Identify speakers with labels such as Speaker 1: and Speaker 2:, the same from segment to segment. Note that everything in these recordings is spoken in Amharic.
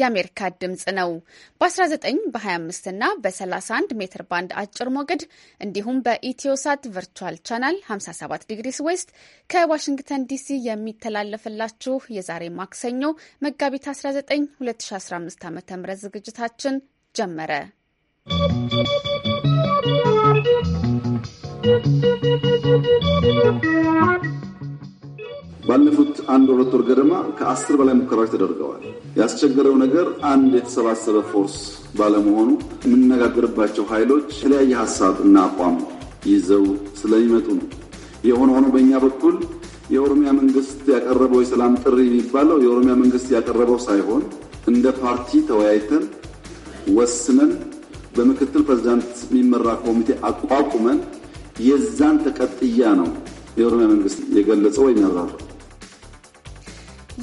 Speaker 1: የአሜሪካ ድምፅ ነው። በ19 በ25 እና በ31 ሜትር ባንድ አጭር ሞገድ እንዲሁም በኢትዮሳት ቨርቹዋል ቻናል 57 ዲግሪስ ዌስት ከዋሽንግተን ዲሲ የሚተላለፍላችሁ የዛሬ ማክሰኞ መጋቢት 19 2015 ዓ ም ዝግጅታችን ጀመረ።
Speaker 2: ¶¶
Speaker 3: ባለፉት አንድ ሁለት ወር ገደማ ከአስር በላይ ሙከራዎች ተደርገዋል። ያስቸገረው ነገር አንድ የተሰባሰበ ፎርስ ባለመሆኑ የምነጋገርባቸው ኃይሎች የተለያየ ሀሳብ እና አቋም ይዘው ስለሚመጡ ነው። የሆነ ሆኖ በእኛ በኩል የኦሮሚያ መንግስት ያቀረበው የሰላም ጥሪ የሚባለው የኦሮሚያ መንግስት ያቀረበው ሳይሆን እንደ ፓርቲ ተወያይተን ወስነን በምክትል ፕሬዚዳንት የሚመራ ኮሚቴ አቋቁመን የዛን ተቀጥያ ነው የኦሮሚያ መንግስት የገለጸው ወይም ያብራራው።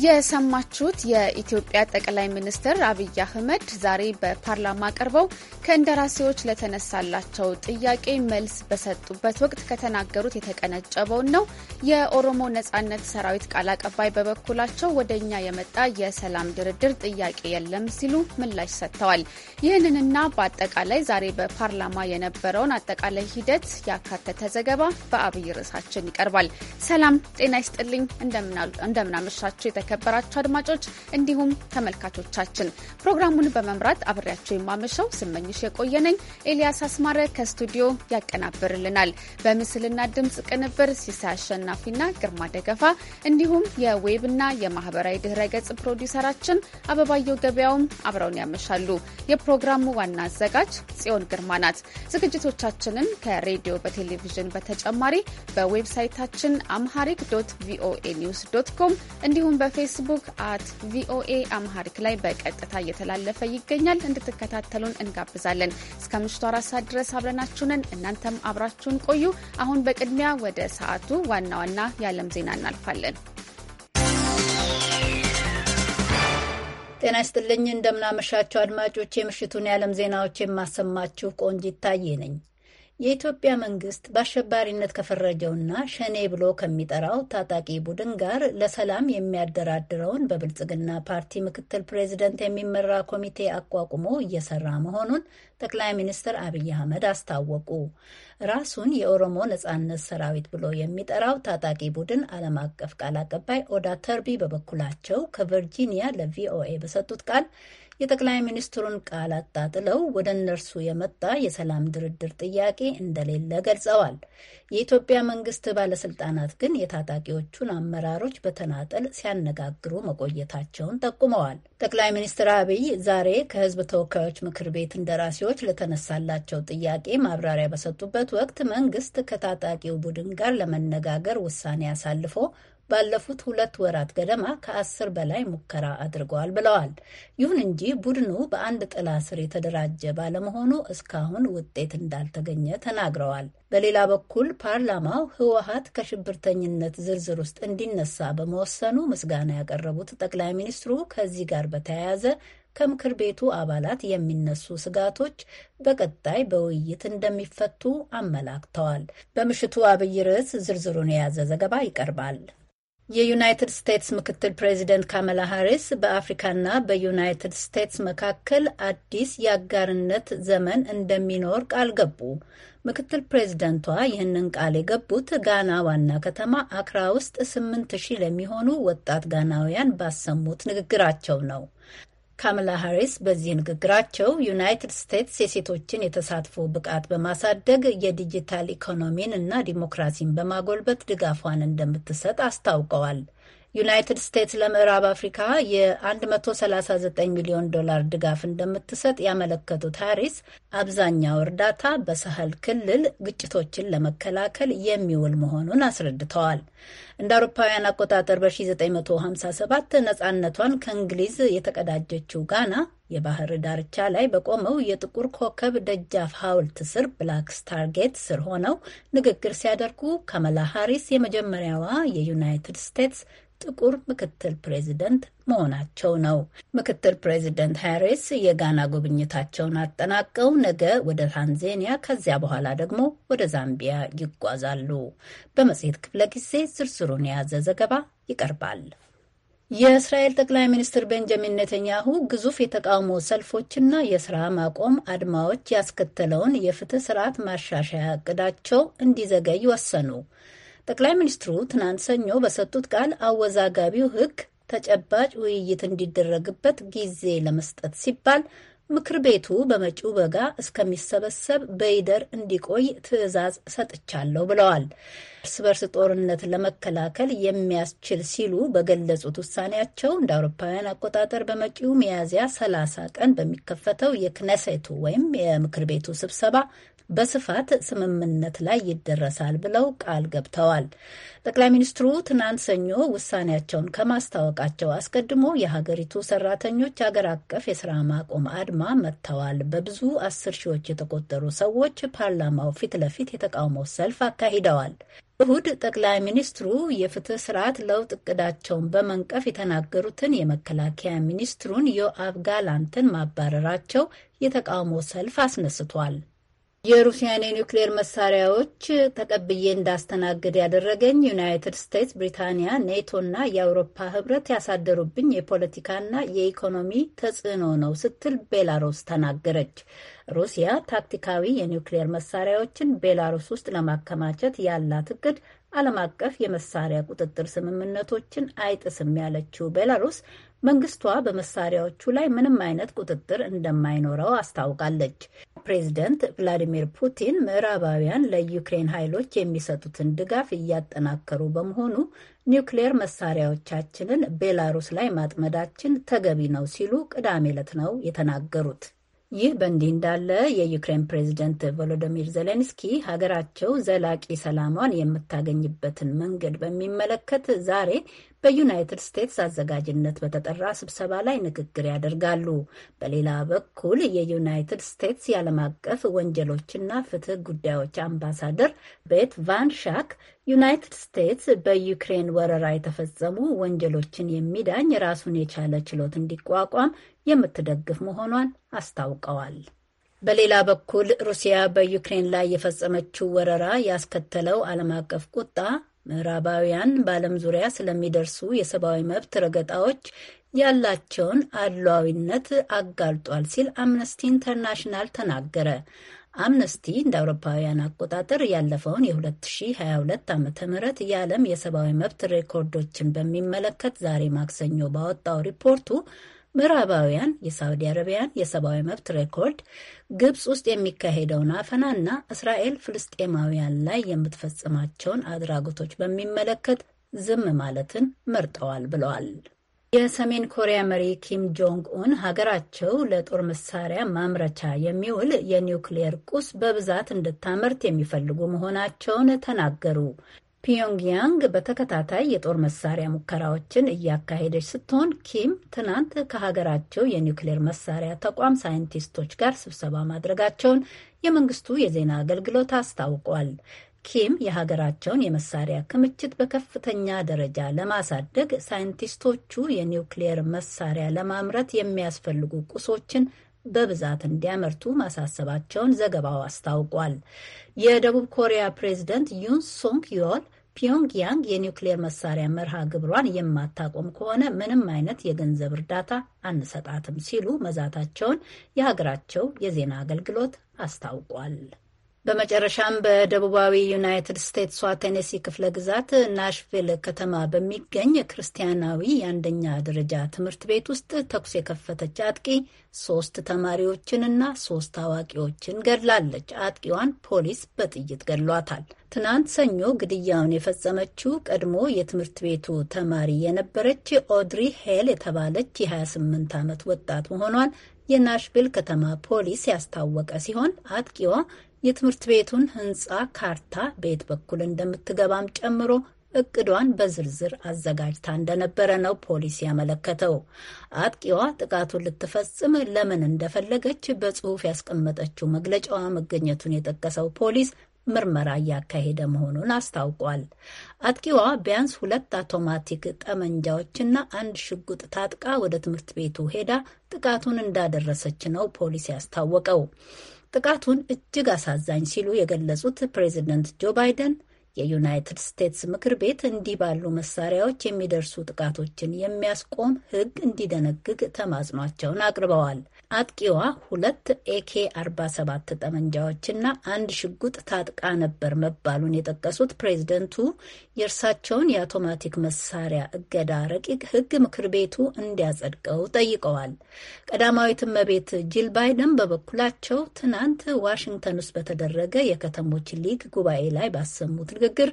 Speaker 1: የሰማችሁት የኢትዮጵያ ጠቅላይ ሚኒስትር አብይ አህመድ ዛሬ በፓርላማ ቀርበው ከእንደራሴዎች ለተነሳላቸው ጥያቄ መልስ በሰጡበት ወቅት ከተናገሩት የተቀነጨበውን ነው። የኦሮሞ ነጻነት ሰራዊት ቃል አቀባይ በበኩላቸው ወደ እኛ የመጣ የሰላም ድርድር ጥያቄ የለም ሲሉ ምላሽ ሰጥተዋል። ይህንንና በአጠቃላይ ዛሬ በፓርላማ የነበረውን አጠቃላይ ሂደት ያካተተ ዘገባ በአብይ ርዕሳችን ይቀርባል። ሰላም ጤና ይስጥልኝ። እንደምናመሻችሁ የተከበራችሁ አድማጮች እንዲሁም ተመልካቾቻችን ፕሮግራሙን በመምራት አብሬያቸው የማመሸው ስመኝሽ የቆየነኝ። ኤልያስ አስማረ ከስቱዲዮ ያቀናብርልናል። በምስልና ድምፅ ቅንብር ሲሳይ አሸናፊና ግርማ ደገፋ እንዲሁም የዌብና የማህበራዊ ድህረ ገጽ ፕሮዲውሰራችን አበባየው ገበያውም አብረውን ያመሻሉ። የፕሮግራሙ ዋና አዘጋጅ ጽዮን ግርማ ናት። ዝግጅቶቻችንን ከሬዲዮ በቴሌቪዥን በተጨማሪ በዌብሳይታችን አምሃሪክ ዶት ቪኦኤ ኒውስ ዶት ኮም እንዲሁም በ በፌስቡክ አት ቪኦኤ አምሃሪክ ላይ በቀጥታ እየተላለፈ ይገኛል። እንድትከታተሉን እንጋብዛለን። እስከ ምሽቱ አራት ሰዓት ድረስ አብረናችሁንን እናንተም አብራችሁን ቆዩ። አሁን በቅድሚያ ወደ ሰዓቱ
Speaker 4: ዋና ዋና የዓለም ዜና እናልፋለን። ጤና ይስጥልኝ እንደምናመሻቸው አድማጮች፣ የምሽቱን የዓለም ዜናዎች የማሰማችሁ ቆንጂት ታዬ ነኝ። የኢትዮጵያ መንግስት በአሸባሪነት ከፈረጀውና ሸኔ ብሎ ከሚጠራው ታጣቂ ቡድን ጋር ለሰላም የሚያደራድረውን በብልጽግና ፓርቲ ምክትል ፕሬዚደንት የሚመራ ኮሚቴ አቋቁሞ እየሰራ መሆኑን ጠቅላይ ሚኒስትር አብይ አህመድ አስታወቁ። ራሱን የኦሮሞ ነጻነት ሰራዊት ብሎ የሚጠራው ታጣቂ ቡድን ዓለም አቀፍ ቃል አቀባይ ኦዳ ተርቢ በበኩላቸው ከቨርጂኒያ ለቪኦኤ በሰጡት ቃል የጠቅላይ ሚኒስትሩን ቃል አጣጥለው ወደ እነርሱ የመጣ የሰላም ድርድር ጥያቄ እንደሌለ ገልጸዋል። የኢትዮጵያ መንግስት ባለስልጣናት ግን የታጣቂዎቹን አመራሮች በተናጠል ሲያነጋግሩ መቆየታቸውን ጠቁመዋል። ጠቅላይ ሚኒስትር አብይ ዛሬ ከህዝብ ተወካዮች ምክር ቤት እንደራሴዎች ለተነሳላቸው ጥያቄ ማብራሪያ በሰጡበት ወቅት መንግስት ከታጣቂው ቡድን ጋር ለመነጋገር ውሳኔ አሳልፎ ባለፉት ሁለት ወራት ገደማ ከአስር በላይ ሙከራ አድርገዋል ብለዋል። ይሁን እንጂ ቡድኑ በአንድ ጥላ ስር የተደራጀ ባለመሆኑ እስካሁን ውጤት እንዳልተገኘ ተናግረዋል። በሌላ በኩል ፓርላማው ህወሀት ከሽብርተኝነት ዝርዝር ውስጥ እንዲነሳ በመወሰኑ ምስጋና ያቀረቡት ጠቅላይ ሚኒስትሩ ከዚህ ጋር በተያያዘ ከምክር ቤቱ አባላት የሚነሱ ስጋቶች በቀጣይ በውይይት እንደሚፈቱ አመላክተዋል። በምሽቱ አብይ ርዕስ ዝርዝሩን የያዘ ዘገባ ይቀርባል። የዩናይትድ ስቴትስ ምክትል ፕሬዚደንት ካመላ ሃሪስ በአፍሪካና በዩናይትድ ስቴትስ መካከል አዲስ የአጋርነት ዘመን እንደሚኖር ቃል ገቡ። ምክትል ፕሬዚደንቷ ይህንን ቃል የገቡት ጋና ዋና ከተማ አክራ ውስጥ ስምንት ሺህ ለሚሆኑ ወጣት ጋናውያን ባሰሙት ንግግራቸው ነው። ካማላ ሃሪስ በዚህ ንግግራቸው ዩናይትድ ስቴትስ የሴቶችን የተሳትፎ ብቃት በማሳደግ የዲጂታል ኢኮኖሚን እና ዲሞክራሲን በማጎልበት ድጋፏን እንደምትሰጥ አስታውቀዋል። ዩናይትድ ስቴትስ ለምዕራብ አፍሪካ የ139 ሚሊዮን ዶላር ድጋፍ እንደምትሰጥ ያመለከቱት ሃሪስ አብዛኛው እርዳታ በሳህል ክልል ግጭቶችን ለመከላከል የሚውል መሆኑን አስረድተዋል። እንደ አውሮፓውያን አቆጣጠር በ1957 ነፃነቷን ከእንግሊዝ የተቀዳጀችው ጋና የባህር ዳርቻ ላይ በቆመው የጥቁር ኮከብ ደጃፍ ሐውልት ስር ብላክ ስታር ጌት ስር ሆነው ንግግር ሲያደርጉ ካማላ ሃሪስ የመጀመሪያዋ የዩናይትድ ስቴትስ ጥቁር ምክትል ፕሬዚደንት መሆናቸው ነው። ምክትል ፕሬዚደንት ሃሪስ የጋና ጉብኝታቸውን አጠናቀው ነገ ወደ ታንዜኒያ፣ ከዚያ በኋላ ደግሞ ወደ ዛምቢያ ይጓዛሉ። በመጽሔት ክፍለ ጊዜ ዝርዝሩን የያዘ ዘገባ ይቀርባል። የእስራኤል ጠቅላይ ሚኒስትር ቤንጃሚን ኔተንያሁ ግዙፍ የተቃውሞ ሰልፎችና የስራ ማቆም አድማዎች ያስከተለውን የፍትህ ስርዓት ማሻሻያ እቅዳቸው እንዲዘገይ ወሰኑ። ጠቅላይ ሚኒስትሩ ትናንት ሰኞ በሰጡት ቃል አወዛጋቢው ሕግ ተጨባጭ ውይይት እንዲደረግበት ጊዜ ለመስጠት ሲባል ምክር ቤቱ በመጪው በጋ እስከሚሰበሰብ በይደር እንዲቆይ ትዕዛዝ ሰጥቻለሁ ብለዋል። እርስ በርስ ጦርነት ለመከላከል የሚያስችል ሲሉ በገለጹት ውሳኔያቸው እንደ አውሮፓውያን አቆጣጠር በመጪው ሚያዝያ 30 ቀን በሚከፈተው የክነሴቱ ወይም የምክር ቤቱ ስብሰባ በስፋት ስምምነት ላይ ይደረሳል ብለው ቃል ገብተዋል። ጠቅላይ ሚኒስትሩ ትናንት ሰኞ ውሳኔያቸውን ከማስታወቃቸው አስቀድሞ የሀገሪቱ ሰራተኞች አገር አቀፍ የስራ ማቆም አድማ አርማ መጥተዋል። በብዙ አስር ሺዎች የተቆጠሩ ሰዎች ፓርላማው ፊት ለፊት የተቃውሞ ሰልፍ አካሂደዋል። እሁድ ጠቅላይ ሚኒስትሩ የፍትህ ስርዓት ለውጥ እቅዳቸውን በመንቀፍ የተናገሩትን የመከላከያ ሚኒስትሩን ዮአብ ጋላንትን ማባረራቸው የተቃውሞ ሰልፍ አስነስቷል። የሩሲያን የኒውክሌር መሳሪያዎች ተቀብዬ እንዳስተናግድ ያደረገኝ ዩናይትድ ስቴትስ፣ ብሪታንያ፣ ኔቶና የአውሮፓ ህብረት ያሳደሩብኝ የፖለቲካና የኢኮኖሚ ተጽዕኖ ነው ስትል ቤላሩስ ተናገረች። ሩሲያ ታክቲካዊ የኒውክሌር መሳሪያዎችን ቤላሩስ ውስጥ ለማከማቸት ያላት እቅድ ዓለም አቀፍ የመሳሪያ ቁጥጥር ስምምነቶችን አይጥስም ያለችው ቤላሩስ መንግስቷ በመሳሪያዎቹ ላይ ምንም አይነት ቁጥጥር እንደማይኖረው አስታውቃለች። ፕሬዝደንት ቭላዲሚር ፑቲን ምዕራባውያን ለዩክሬን ኃይሎች የሚሰጡትን ድጋፍ እያጠናከሩ በመሆኑ ኒውክሌር መሳሪያዎቻችንን ቤላሩስ ላይ ማጥመዳችን ተገቢ ነው ሲሉ ቅዳሜ ዕለት ነው የተናገሩት። ይህ በእንዲህ እንዳለ የዩክሬን ፕሬዝደንት ቮሎዶሚር ዜሌንስኪ ሀገራቸው ዘላቂ ሰላሟን የምታገኝበትን መንገድ በሚመለከት ዛሬ በዩናይትድ ስቴትስ አዘጋጅነት በተጠራ ስብሰባ ላይ ንግግር ያደርጋሉ። በሌላ በኩል የዩናይትድ ስቴትስ የዓለም አቀፍ ወንጀሎችና ፍትህ ጉዳዮች አምባሳደር ቤት ቫን ሻክ ዩናይትድ ስቴትስ በዩክሬን ወረራ የተፈጸሙ ወንጀሎችን የሚዳኝ ራሱን የቻለ ችሎት እንዲቋቋም የምትደግፍ መሆኗን አስታውቀዋል። በሌላ በኩል ሩሲያ በዩክሬን ላይ የፈጸመችው ወረራ ያስከተለው ዓለም አቀፍ ቁጣ ምዕራባውያን በዓለም ዙሪያ ስለሚደርሱ የሰብአዊ መብት ረገጣዎች ያላቸውን አድሏዊነት አጋልጧል ሲል አምነስቲ ኢንተርናሽናል ተናገረ። አምነስቲ እንደ አውሮፓውያን አቆጣጠር ያለፈውን የ2022 ዓ ም የዓለም የሰብአዊ መብት ሬኮርዶችን በሚመለከት ዛሬ ማክሰኞ ባወጣው ሪፖርቱ ምዕራባውያን የሳውዲ አረቢያን የሰብአዊ መብት ሬኮርድ፣ ግብፅ ውስጥ የሚካሄደውን አፈናና እስራኤል ፍልስጤማውያን ላይ የምትፈጽማቸውን አድራጎቶች በሚመለከት ዝም ማለትን መርጠዋል ብለዋል። የሰሜን ኮሪያ መሪ ኪም ጆንግ ኡን ሀገራቸው ለጦር መሳሪያ ማምረቻ የሚውል የኒውክሌየር ቁስ በብዛት እንድታመርት የሚፈልጉ መሆናቸውን ተናገሩ። ፒዮንግያንግ በተከታታይ የጦር መሳሪያ ሙከራዎችን እያካሄደች ስትሆን ኪም ትናንት ከሀገራቸው የኒውክሌር መሳሪያ ተቋም ሳይንቲስቶች ጋር ስብሰባ ማድረጋቸውን የመንግስቱ የዜና አገልግሎት አስታውቋል። ኪም የሀገራቸውን የመሳሪያ ክምችት በከፍተኛ ደረጃ ለማሳደግ ሳይንቲስቶቹ የኒውክሌር መሳሪያ ለማምረት የሚያስፈልጉ ቁሶችን በብዛት እንዲያመርቱ ማሳሰባቸውን ዘገባው አስታውቋል። የደቡብ ኮሪያ ፕሬዝደንት ዩን ሶንግ ዮል ፒዮንግያንግ የኒውክሌር መሳሪያ መርሃ ግብሯን የማታቆም ከሆነ ምንም አይነት የገንዘብ እርዳታ አንሰጣትም ሲሉ መዛታቸውን የሀገራቸው የዜና አገልግሎት አስታውቋል። በመጨረሻም በደቡባዊ ዩናይትድ ስቴትሷ ቴኔሲ ክፍለ ግዛት ናሽቪል ከተማ በሚገኝ ክርስቲያናዊ የአንደኛ ደረጃ ትምህርት ቤት ውስጥ ተኩስ የከፈተች አጥቂ ሶስት ተማሪዎችንና ሶስት አዋቂዎችን ገድላለች። አጥቂዋን ፖሊስ በጥይት ገድሏታል። ትናንት ሰኞ ግድያውን የፈጸመችው ቀድሞ የትምህርት ቤቱ ተማሪ የነበረች ኦድሪ ሄል የተባለች የ28 ዓመት ወጣት መሆኗን የናሽቪል ከተማ ፖሊስ ያስታወቀ ሲሆን አጥቂዋ የትምህርት ቤቱን ህንፃ ካርታ በየት በኩል እንደምትገባም ጨምሮ እቅዷን በዝርዝር አዘጋጅታ እንደነበረ ነው ፖሊስ ያመለከተው። አጥቂዋ ጥቃቱን ልትፈጽም ለምን እንደፈለገች በጽሁፍ ያስቀመጠችው መግለጫዋ መገኘቱን የጠቀሰው ፖሊስ ምርመራ እያካሄደ መሆኑን አስታውቋል። አጥቂዋ ቢያንስ ሁለት አውቶማቲክ ጠመንጃዎችና አንድ ሽጉጥ ታጥቃ ወደ ትምህርት ቤቱ ሄዳ ጥቃቱን እንዳደረሰች ነው ፖሊስ ያስታወቀው። ጥቃቱን እጅግ አሳዛኝ ሲሉ የገለጹት ፕሬዚደንት ጆ ባይደን የዩናይትድ ስቴትስ ምክር ቤት እንዲህ ባሉ መሳሪያዎች የሚደርሱ ጥቃቶችን የሚያስቆም ሕግ እንዲደነግግ ተማጽኗቸውን አቅርበዋል። አጥቂዋ ሁለት ኤኬ 47 ጠመንጃዎችና አንድ ሽጉጥ ታጥቃ ነበር መባሉን የጠቀሱት ፕሬዝደንቱ የእርሳቸውን የአውቶማቲክ መሳሪያ እገዳ ረቂቅ ሕግ ምክር ቤቱ እንዲያጸድቀው ጠይቀዋል። ቀዳማዊት እመቤት ጂል ባይደን በበኩላቸው ትናንት ዋሽንግተን ውስጥ በተደረገ የከተሞች ሊግ ጉባኤ ላይ ባሰሙት ንግግር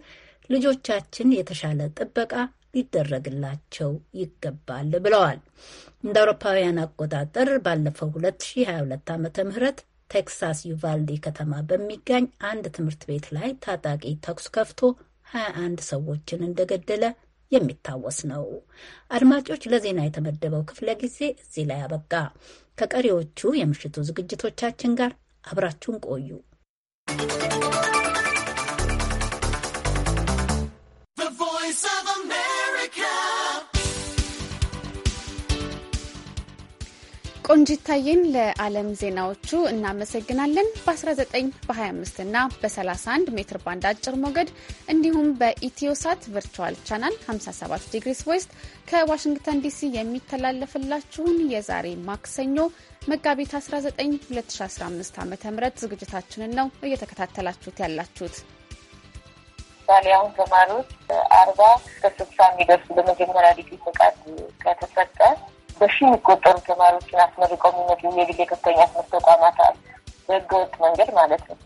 Speaker 4: ልጆቻችን የተሻለ ጥበቃ ሊደረግላቸው ይገባል ብለዋል። እንደ አውሮፓውያን አቆጣጠር ባለፈው 2022 ዓመተ ምህረት ቴክሳስ ዩቫልዲ ከተማ በሚገኝ አንድ ትምህርት ቤት ላይ ታጣቂ ተኩስ ከፍቶ 21 ሰዎችን እንደገደለ የሚታወስ ነው። አድማጮች፣ ለዜና የተመደበው ክፍለ ጊዜ እዚህ ላይ አበቃ። ከቀሪዎቹ የምሽቱ ዝግጅቶቻችን ጋር አብራችሁን ቆዩ።
Speaker 1: ቆንጂታዬን ለዓለም ዜናዎቹ እናመሰግናለን። በ19 በ25 እና በ31 ሜትር ባንድ አጭር ሞገድ እንዲሁም በኢትዮሳት ቨርቹዋል ቻናል 57 ዲግሪስ ዌስት ከዋሽንግተን ዲሲ የሚተላለፍላችሁን የዛሬ ማክሰኞ መጋቢት 19 2015 ዓ ም ዝግጅታችንን ነው እየተከታተላችሁት ያላችሁት።
Speaker 5: ምሳሌ አሁን ተማሪዎች አርባ ከስልሳ የሚደርሱ በመጀመሪያ ዲግሪ ፈቃድ ከተሰጠ በሺ የሚቆጠሩ ተማሪዎችን አስመርቀው የሚመጡ የግል የከፍተኛ ትምህርት ተቋማት አሉ፣ በህገወጥ መንገድ ማለት ነው።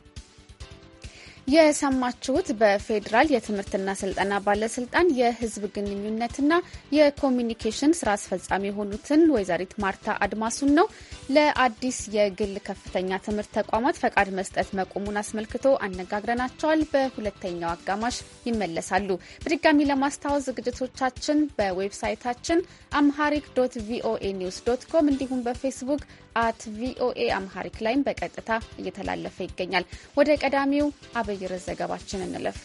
Speaker 1: የሰማችሁት በፌዴራል የትምህርትና ስልጠና ባለስልጣን የህዝብ ግንኙነትና የኮሚኒኬሽን ስራ አስፈጻሚ የሆኑትን ወይዘሪት ማርታ አድማሱን ነው። ለአዲስ የግል ከፍተኛ ትምህርት ተቋማት ፈቃድ መስጠት መቆሙን አስመልክቶ አነጋግረናቸዋል። በሁለተኛው አጋማሽ ይመለሳሉ። በድጋሚ ለማስታወስ ዝግጅቶቻችን በዌብሳይታችን አምሃሪክ ዶት ቪኦኤ ኒውስ ዶት ኮም እንዲሁም በፌስቡክ አት ቪኦኤ አምሃሪክ ላይም በቀጥታ እየተላለፈ ይገኛል። ወደ ቀዳሚው አብይር ዘገባችን እንለፍ።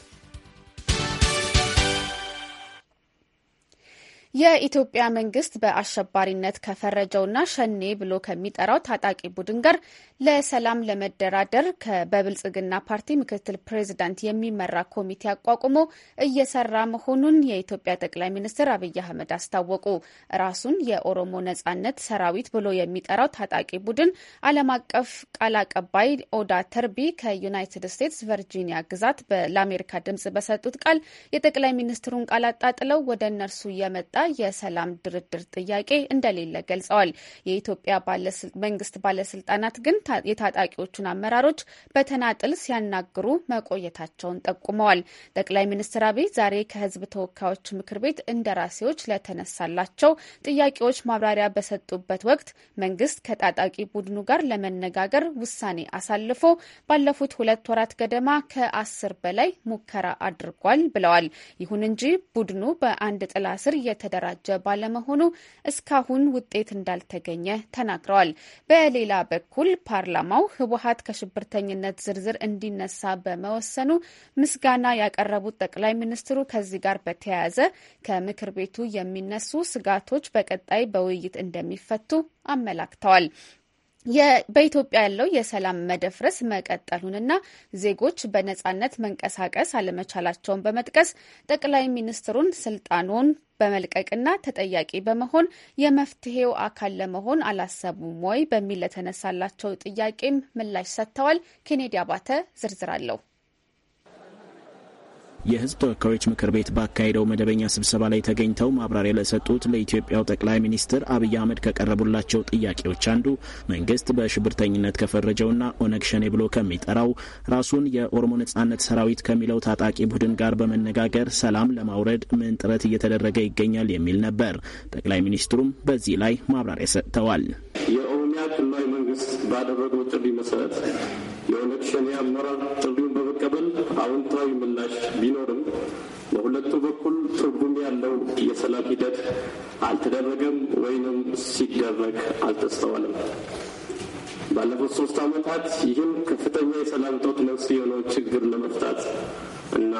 Speaker 1: የኢትዮጵያ መንግስት በአሸባሪነት ከፈረጀውና ሸኔ ብሎ ከሚጠራው ታጣቂ ቡድን ጋር ለሰላም ለመደራደር በብልጽግና ፓርቲ ምክትል ፕሬዚዳንት የሚመራ ኮሚቴ አቋቁሞ እየሰራ መሆኑን የኢትዮጵያ ጠቅላይ ሚኒስትር አብይ አህመድ አስታወቁ። ራሱን የኦሮሞ ነጻነት ሰራዊት ብሎ የሚጠራው ታጣቂ ቡድን ዓለም አቀፍ ቃል አቀባይ ኦዳ ተርቢ ከዩናይትድ ስቴትስ ቨርጂኒያ ግዛት ለአሜሪካ ድምጽ በሰጡት ቃል የጠቅላይ ሚኒስትሩን ቃል አጣጥለው ወደ እነርሱ የመጣ የሰላም ድርድር ጥያቄ እንደሌለ ገልጸዋል። የኢትዮጵያ መንግስት ባለስልጣናት ግን የታጣቂዎቹን አመራሮች በተናጥል ሲያናግሩ መቆየታቸውን ጠቁመዋል። ጠቅላይ ሚኒስትር አብይ ዛሬ ከህዝብ ተወካዮች ምክር ቤት እንደራሴዎች ለተነሳላቸው ጥያቄዎች ማብራሪያ በሰጡበት ወቅት መንግስት ከታጣቂ ቡድኑ ጋር ለመነጋገር ውሳኔ አሳልፎ ባለፉት ሁለት ወራት ገደማ ከአስር በላይ ሙከራ አድርጓል ብለዋል። ይሁን እንጂ ቡድኑ በአንድ ጥላ ስር የተደራጀ ባለመሆኑ እስካሁን ውጤት እንዳልተገኘ ተናግረዋል። በሌላ በኩል ፓርላማው ህወሀት ከሽብርተኝነት ዝርዝር እንዲነሳ በመወሰኑ ምስጋና ያቀረቡት ጠቅላይ ሚኒስትሩ ከዚህ ጋር በተያያዘ ከምክር ቤቱ የሚነሱ ስጋቶች በቀጣይ በውይይት እንደሚፈቱ አመላክተዋል። በኢትዮጵያ ያለው የሰላም መደፍረስ መቀጠሉንና ዜጎች በነጻነት መንቀሳቀስ አለመቻላቸውን በመጥቀስ ጠቅላይ ሚኒስትሩን ስልጣኑን በመልቀቅና ተጠያቂ በመሆን የመፍትሄው አካል ለመሆን አላሰቡም ወይ በሚል ለተነሳላቸው ጥያቄም ምላሽ ሰጥተዋል። ኬኔዲ አባተ ዝርዝር አለው።
Speaker 2: የህዝብ ተወካዮች ምክር ቤት ባካሄደው መደበኛ ስብሰባ ላይ ተገኝተው ማብራሪያ ለሰጡት ለኢትዮጵያው ጠቅላይ ሚኒስትር አብይ አህመድ ከቀረቡላቸው ጥያቄዎች አንዱ መንግስት በሽብርተኝነት ከፈረጀውና ኦነግ ሸኔ ብሎ ከሚጠራው ራሱን የኦሮሞ ነጻነት ሰራዊት ከሚለው ታጣቂ ቡድን ጋር በመነጋገር ሰላም ለማውረድ ምን ጥረት እየተደረገ ይገኛል የሚል ነበር። ጠቅላይ ሚኒስትሩም በዚህ ላይ ማብራሪያ ሰጥተዋል።
Speaker 6: የኦሮሚያ ክልላዊ መንግስት ባደረገው ጥሪ መሰረት የኦነግ ሸኔ አመራር ጥሪውን በመቀበል አዎንታዊ ምላሽ ቢኖርም በሁለቱ በኩል ትርጉም ያለው የሰላም ሂደት አልተደረገም ወይንም ሲደረግ አልተስተዋልም። ባለፉት ሶስት ዓመታት ይህም ከፍተኛ የሰላም እጦት ነፍስ የሆነው ችግር ለመፍታት እና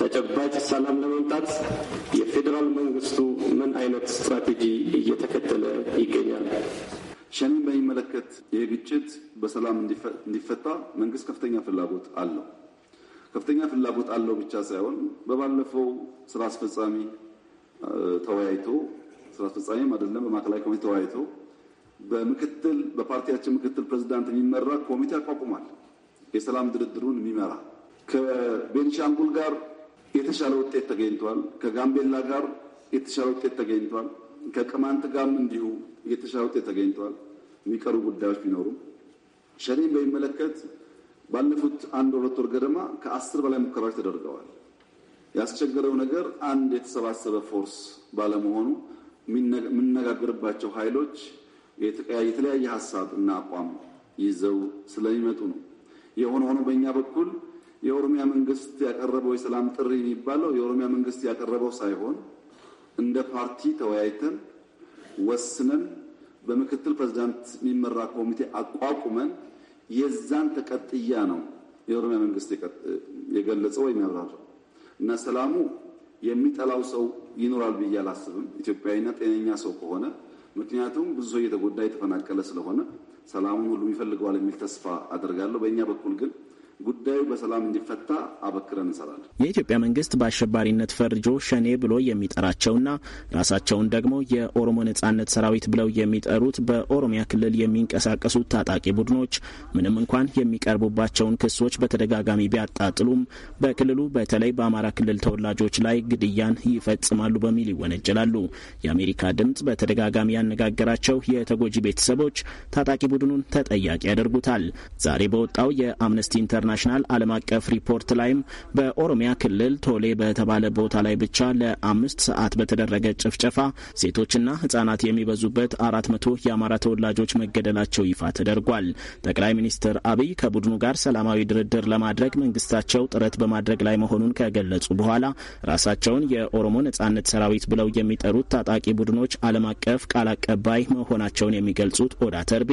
Speaker 6: ተጨባጭ ሰላም
Speaker 3: ለመምጣት የፌዴራል መንግስቱ ምን አይነት ስትራቴጂ እየተከተለ ይገኛል? ሸኔን በሚመለከት ይህ ግጭት በሰላም እንዲፈታ መንግስት ከፍተኛ ፍላጎት አለው። ከፍተኛ ፍላጎት አለው ብቻ ሳይሆን በባለፈው ስራ አስፈጻሚ ተወያይቶ ስራ አስፈጻሚም አይደለም በማዕከላዊ ኮሚቴ ተወያይቶ በምክትል በፓርቲያችን ምክትል ፕሬዚዳንት የሚመራ ኮሚቴ አቋቁሟል። የሰላም ድርድሩን የሚመራ ከቤንሻንጉል ጋር የተሻለ ውጤት ተገኝቷል። ከጋምቤላ ጋር የተሻለ ውጤት ተገኝቷል። ከቅማንት ጋርም እንዲሁ የተሻለ ውጤት ተገኝቷል። የሚቀሩ ጉዳዮች ቢኖሩም ሸኔን በሚመለከት ባለፉት አንድ ሁለት ወር ገደማ ከአስር በላይ ሙከራዎች ተደርገዋል። ያስቸገረው ነገር አንድ የተሰባሰበ ፎርስ ባለመሆኑ የምነጋገርባቸው ኃይሎች የተለያየ ሀሳብ እና አቋም ይዘው ስለሚመጡ ነው። የሆነ ሆኖ በእኛ በኩል የኦሮሚያ መንግስት ያቀረበው የሰላም ጥሪ የሚባለው የኦሮሚያ መንግስት ያቀረበው ሳይሆን እንደ ፓርቲ ተወያይተን ወስነን በምክትል ፕሬዚዳንት የሚመራ ኮሚቴ አቋቁመን የዛን ተቀጥያ ነው የኦሮሚያ መንግስት የገለጸው ወይም ያብራራው እና ሰላሙ የሚጠላው ሰው ይኖራል ብዬ አላስብም። ኢትዮጵያዊና ጤነኛ ሰው ከሆነ ምክንያቱም ብዙ ሰው እየተጎዳ የተፈናቀለ ስለሆነ ሰላሙን ሁሉም ይፈልገዋል የሚል ተስፋ አደርጋለሁ። በእኛ በኩል ግን ጉዳዩ በሰላም እንዲፈታ አበክረን እንሰራለን።
Speaker 2: የኢትዮጵያ መንግስት በአሸባሪነት ፈርጆ ሸኔ ብሎ የሚጠራቸውና ራሳቸውን ደግሞ የኦሮሞ ነጻነት ሰራዊት ብለው የሚጠሩት በኦሮሚያ ክልል የሚንቀሳቀሱ ታጣቂ ቡድኖች ምንም እንኳን የሚቀርቡባቸውን ክሶች በተደጋጋሚ ቢያጣጥሉም በክልሉ በተለይ በአማራ ክልል ተወላጆች ላይ ግድያን ይፈጽማሉ በሚል ይወነጀላሉ። የአሜሪካ ድምጽ በተደጋጋሚ ያነጋገራቸው የተጎጂ ቤተሰቦች ታጣቂ ቡድኑን ተጠያቂ ያደርጉታል። ዛሬ በወጣው የአምነስቲ ኢንተር ኢንተርናሽናል ዓለም አቀፍ ሪፖርት ላይም በኦሮሚያ ክልል ቶሌ በተባለ ቦታ ላይ ብቻ ለአምስት ሰዓት በተደረገ ጭፍጨፋ ሴቶችና ህጻናት የሚበዙበት አራት መቶ የአማራ ተወላጆች መገደላቸው ይፋ ተደርጓል። ጠቅላይ ሚኒስትር አብይ ከቡድኑ ጋር ሰላማዊ ድርድር ለማድረግ መንግስታቸው ጥረት በማድረግ ላይ መሆኑን ከገለጹ በኋላ ራሳቸውን የኦሮሞ ነጻነት ሰራዊት ብለው የሚጠሩት ታጣቂ ቡድኖች ዓለም አቀፍ ቃል አቀባይ መሆናቸውን የሚገልጹት ኦዳ ተርቢ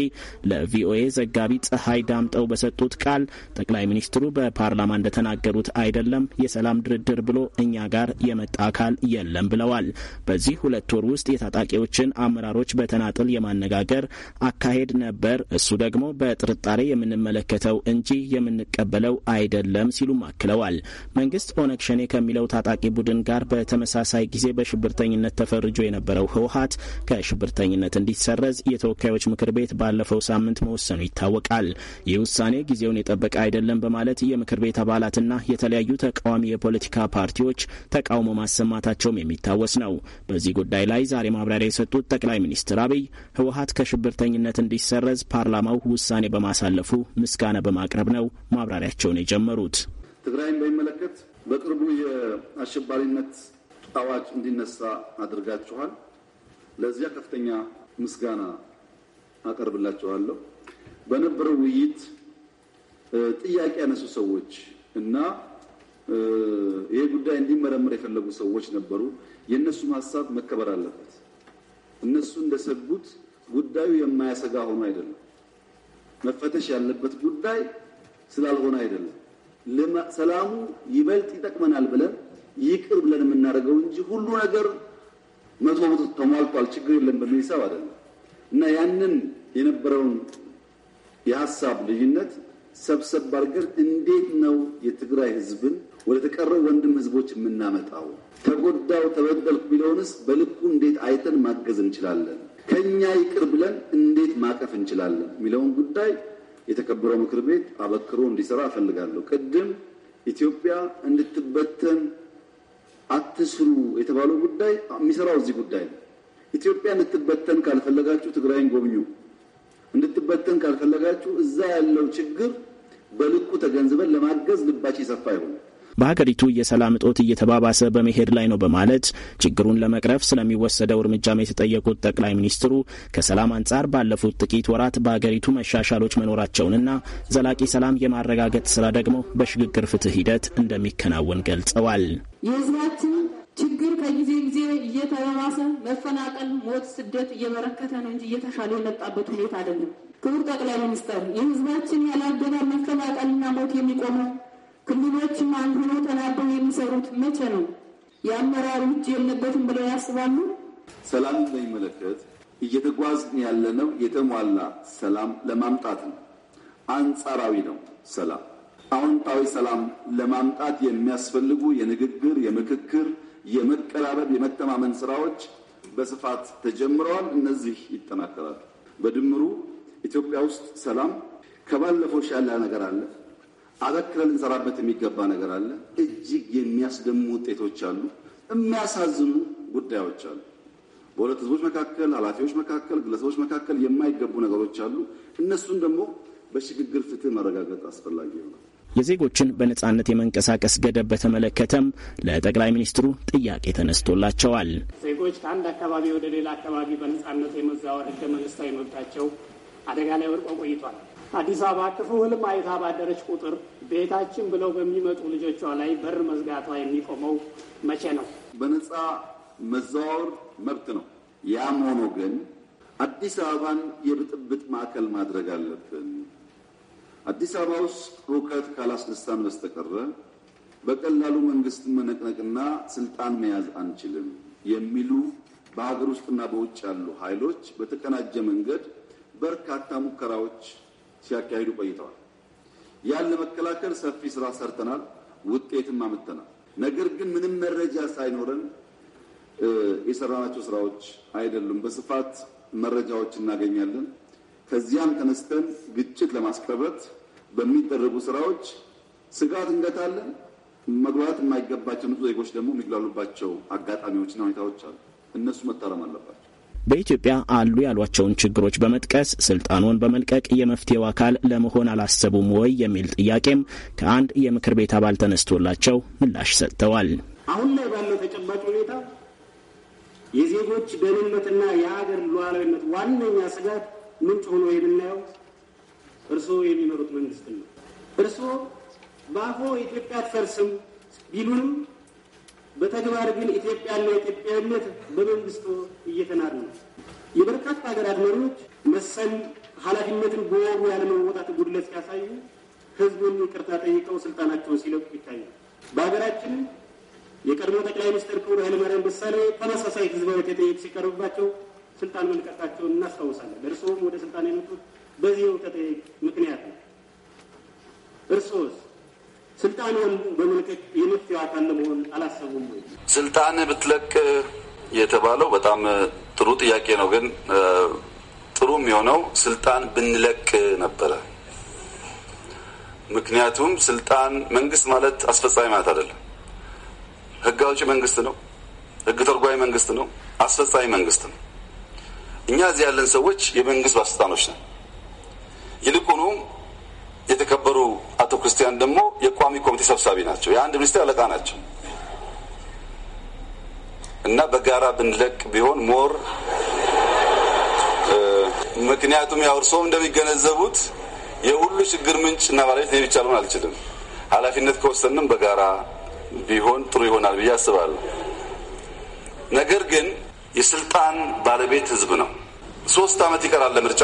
Speaker 2: ለቪኦኤ ዘጋቢ ፀሐይ ዳምጠው በሰጡት ቃል ጠቅላይ ጠቅላይ ሚኒስትሩ በፓርላማ እንደተናገሩት አይደለም የሰላም ድርድር ብሎ እኛ ጋር የመጣ አካል የለም ብለዋል። በዚህ ሁለት ወር ውስጥ የታጣቂዎችን አመራሮች በተናጥል የማነጋገር አካሄድ ነበር። እሱ ደግሞ በጥርጣሬ የምንመለከተው እንጂ የምንቀበለው አይደለም ሲሉም አክለዋል። መንግስት ኦነግ ሸኔ ከሚለው ታጣቂ ቡድን ጋር በተመሳሳይ ጊዜ በሽብርተኝነት ተፈርጆ የነበረው ህወሀት ከሽብርተኝነት እንዲሰረዝ የተወካዮች ምክር ቤት ባለፈው ሳምንት መወሰኑ ይታወቃል። ይህ ውሳኔ ጊዜውን የጠበቀ አይደለም አይደለም በማለት የምክር ቤት አባላትና የተለያዩ ተቃዋሚ የፖለቲካ ፓርቲዎች ተቃውሞ ማሰማታቸውም የሚታወስ ነው። በዚህ ጉዳይ ላይ ዛሬ ማብራሪያ የሰጡት ጠቅላይ ሚኒስትር አብይ ህወሀት ከሽብርተኝነት እንዲሰረዝ ፓርላማው ውሳኔ በማሳለፉ ምስጋና በማቅረብ ነው ማብራሪያቸውን የጀመሩት።
Speaker 3: ትግራይን በሚመለከት በቅርቡ የአሸባሪነት አዋጅ እንዲነሳ አድርጋችኋል። ለዚያ ከፍተኛ ምስጋና አቀርብላችኋለሁ። በነበረው ውይይት ጥያቄ ያነሱ ሰዎች እና ይሄ ጉዳይ እንዲመረመር የፈለጉ ሰዎች ነበሩ። የእነሱም ሀሳብ መከበር አለበት። እነሱ እንደሰጉት ጉዳዩ የማያሰጋ ሆኖ አይደለም። መፈተሽ ያለበት ጉዳይ ስላልሆነ አይደለም። ሰላሙ ይበልጥ ይጠቅመናል ብለን ይቅር ብለን የምናደርገው እንጂ ሁሉ ነገር መቶ መቶ ተሟልቷል፣ ችግር የለም በሚል ሂሳብ አይደለም እና ያንን የነበረውን የሀሳብ ልዩነት ሰብሰብ ባርገን እንዴት ነው የትግራይ ህዝብን ወደ ተቀረው ወንድም ህዝቦች የምናመጣው? ተጎዳው ተበደልኩ ቢለውንስ በልኩ እንዴት አይተን ማገዝ እንችላለን? ከኛ ይቅር ብለን እንዴት ማቀፍ እንችላለን? የሚለውን ጉዳይ የተከበረው ምክር ቤት አበክሮ እንዲሰራ እፈልጋለሁ። ቅድም ኢትዮጵያ እንድትበተን አትስሩ የተባለው ጉዳይ የሚሰራው እዚህ ጉዳይ ነው። ኢትዮጵያ እንድትበተን ካልፈለጋችሁ ትግራይን ጎብኙ። እንድትበተን ካልፈለጋችሁ እዛ ያለው ችግር በልኩ ተገንዝበን ለማገዝ ልባች የሰፋ ይሆን።
Speaker 2: በሀገሪቱ የሰላም እጦት እየተባባሰ በመሄድ ላይ ነው በማለት ችግሩን ለመቅረፍ ስለሚወሰደው እርምጃም የተጠየቁት ጠቅላይ ሚኒስትሩ ከሰላም አንጻር ባለፉት ጥቂት ወራት በሀገሪቱ መሻሻሎች መኖራቸውንና ዘላቂ ሰላም የማረጋገጥ ስራ ደግሞ በሽግግር ፍትህ ሂደት እንደሚከናወን ገልጸዋል።
Speaker 7: የህዝባችን ችግር ከጊዜ ጊዜ እየተባባሰ መፈናቀል፣ ሞት፣ ስደት እየበረከተ ነው እንጂ
Speaker 1: እየተሻለ የመጣበት ሁኔታ አይደለም። ክቡር ጠቅላይ ሚኒስትር፣ የህዝባችን ያላገባብ መፈናቀልና
Speaker 7: ሞት የሚቆመው ክልሎችም አንድ ሆኖ ተናበው የሚሰሩት መቼ ነው?
Speaker 3: የአመራር እጅ የለበትም ብለው ያስባሉ? ሰላም በሚመለከት እየተጓዝን ያለነው የተሟላ ሰላም ለማምጣት ነው። አንጻራዊ ነው ሰላም አዎንታዊ ሰላም ለማምጣት የሚያስፈልጉ የንግግር የምክክር የመቀራረብ የመተማመን ስራዎች በስፋት ተጀምረዋል። እነዚህ ይጠናከራሉ። በድምሩ ኢትዮጵያ ውስጥ ሰላም ከባለፈው ሻላ ነገር አለ፣ አበክረን ልንሰራበት የሚገባ ነገር አለ። እጅግ የሚያስደሙ ውጤቶች አሉ፣ የሚያሳዝኑ ጉዳዮች አሉ። በሁለት ህዝቦች መካከል፣ ኃላፊዎች መካከል፣ ግለሰቦች መካከል የማይገቡ ነገሮች አሉ። እነሱን ደግሞ በሽግግር ፍትህ መረጋገጥ አስፈላጊ ነው።
Speaker 2: የዜጎችን በነጻነት የመንቀሳቀስ ገደብ በተመለከተም ለጠቅላይ ሚኒስትሩ ጥያቄ ተነስቶላቸዋል። ዜጎች ከአንድ አካባቢ ወደ ሌላ አካባቢ በነጻነት የመዛወር ህገ መንግስታዊ መብታቸው አደጋ ላይ ወድቆ ቆይቷል። አዲስ አበባ ክፉ ህልም አይታ ባደረች
Speaker 3: ቁጥር ቤታችን ብለው በሚመጡ ልጆቿ ላይ በር መዝጋቷ የሚቆመው መቼ ነው? በነጻ መዛወር መብት ነው። ያም ሆኖ ግን አዲስ አበባን የብጥብጥ ማዕከል ማድረግ አለብን አዲስ አበባ ውስጥ ሁከት ካላስነሳን በስተቀረ በቀላሉ መንግስትን መነቅነቅና ስልጣን መያዝ አንችልም የሚሉ በሀገር ውስጥና በውጭ ያሉ ኃይሎች በተቀናጀ መንገድ በርካታ ሙከራዎች ሲያካሂዱ ቆይተዋል። ያን ለመከላከል ሰፊ ስራ ሰርተናል፣ ውጤትም አምጥተናል። ነገር ግን ምንም መረጃ ሳይኖረን የሰራናቸው ስራዎች አይደሉም። በስፋት መረጃዎች እናገኛለን። ከዚያም ተነስተን ግጭት ለማስቀረት በሚደረጉ ስራዎች ስጋት እንገታለን። መግባት የማይገባቸው ንጹህ ዜጎች ደግሞ የሚግላሉባቸው አጋጣሚዎችና ሁኔታዎች አሉ። እነሱ መታረም አለባቸው።
Speaker 2: በኢትዮጵያ አሉ ያሏቸውን ችግሮች በመጥቀስ ስልጣኑን በመልቀቅ የመፍትሄው አካል ለመሆን አላሰቡም ወይ የሚል ጥያቄም ከአንድ የምክር ቤት አባል ተነስቶላቸው ምላሽ ሰጥተዋል።
Speaker 3: አሁን ላይ ባለው
Speaker 8: ተጨባጭ ሁኔታ የዜጎች ደህንነትና የሀገር ሉዓላዊነት ዋነኛ ስጋት ምንጭ ሆኖ የምናየው እርስዎ የሚመሩት መንግስት ነው። እርስዎ በአፎ ኢትዮጵያ አትፈርስም ቢሉንም በተግባር ግን ኢትዮጵያና ኢትዮጵያዊነት በመንግስቶ እየተናዱ ነው። የበርካታ ሀገራት መሪዎች መሰል ኃላፊነትን በወሩ ያለመወጣት ጉድለት ሲያሳዩ ህዝቡን ይቅርታ ጠይቀው ስልጣናቸውን ሲለቁ ይታያል። በሀገራችን የቀድሞ ጠቅላይ ሚኒስትር ክቡር ኃይለማርያም ደሳለኝ ተመሳሳይ ህዝባዊ ተጠየቅ ሲቀርብባቸው ስልጣን መልቀቃቸውን እናስታውሳለን። እርስዎም ወደ ስልጣን የመጡት በዚህ እውቀት
Speaker 2: ምክንያት ነው። እርስዎስ ስልጣንን በመልቀቅ የመፍትሄው አካል ለመሆን አላሰቡም ወይ?
Speaker 3: ስልጣን ብትለቅ የተባለው በጣም ጥሩ ጥያቄ ነው። ግን ጥሩ የሚሆነው ስልጣን ብንለቅ ነበረ። ምክንያቱም ስልጣን መንግስት ማለት አስፈጻሚ ማለት አይደለም። ህግ አውጪ መንግስት ነው። ህግ ተርጓሚ መንግስት ነው። አስፈጻሚ መንግስት ነው። እኛ እዚህ ያለን ሰዎች የመንግስት ባለስልጣኖች ነን። ይልቁኑም የተከበሩ አቶ ክርስቲያን ደግሞ የቋሚ ኮሚቴ ሰብሳቢ ናቸው። የአንድ ሚኒስቴር አለቃ ናቸው እና በጋራ ብንለቅ ቢሆን ሞር ምክንያቱም ያው እርስዎም እንደሚገነዘቡት የሁሉ ችግር ምንጭ እና ባለቤት እኔ ብቻ ልሆን አልችልም። ኃላፊነት ከወሰንም በጋራ ቢሆን ጥሩ ይሆናል ብዬ አስባለሁ። ነገር ግን የስልጣን ባለቤት ህዝብ ነው። ሶስት ዓመት ይቀራል ለምርጫ።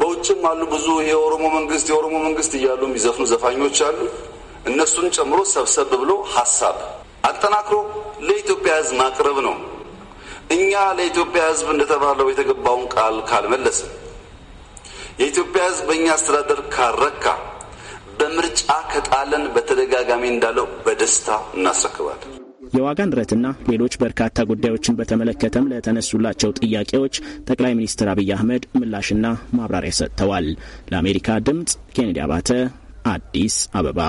Speaker 3: በውጭም አሉ ብዙ የኦሮሞ መንግስት የኦሮሞ መንግስት እያሉ የሚዘፍኑ ዘፋኞች አሉ። እነሱን ጨምሮ ሰብሰብ ብሎ ሀሳብ አጠናክሮ ለኢትዮጵያ ህዝብ ማቅረብ ነው። እኛ ለኢትዮጵያ ህዝብ እንደተባለው የተገባውን ቃል ካልመለስም፣ የኢትዮጵያ ህዝብ በእኛ አስተዳደር ካልረካ፣ በምርጫ ከጣለን፣ በተደጋጋሚ እንዳለው በደስታ እናስረክባለን።
Speaker 2: የዋጋ ንረትና ሌሎች በርካታ ጉዳዮችን በተመለከተም ለተነሱላቸው ጥያቄዎች ጠቅላይ ሚኒስትር አብይ አህመድ ምላሽና ማብራሪያ ሰጥተዋል። ለአሜሪካ ድምጽ ኬኔዲ አባተ አዲስ አበባ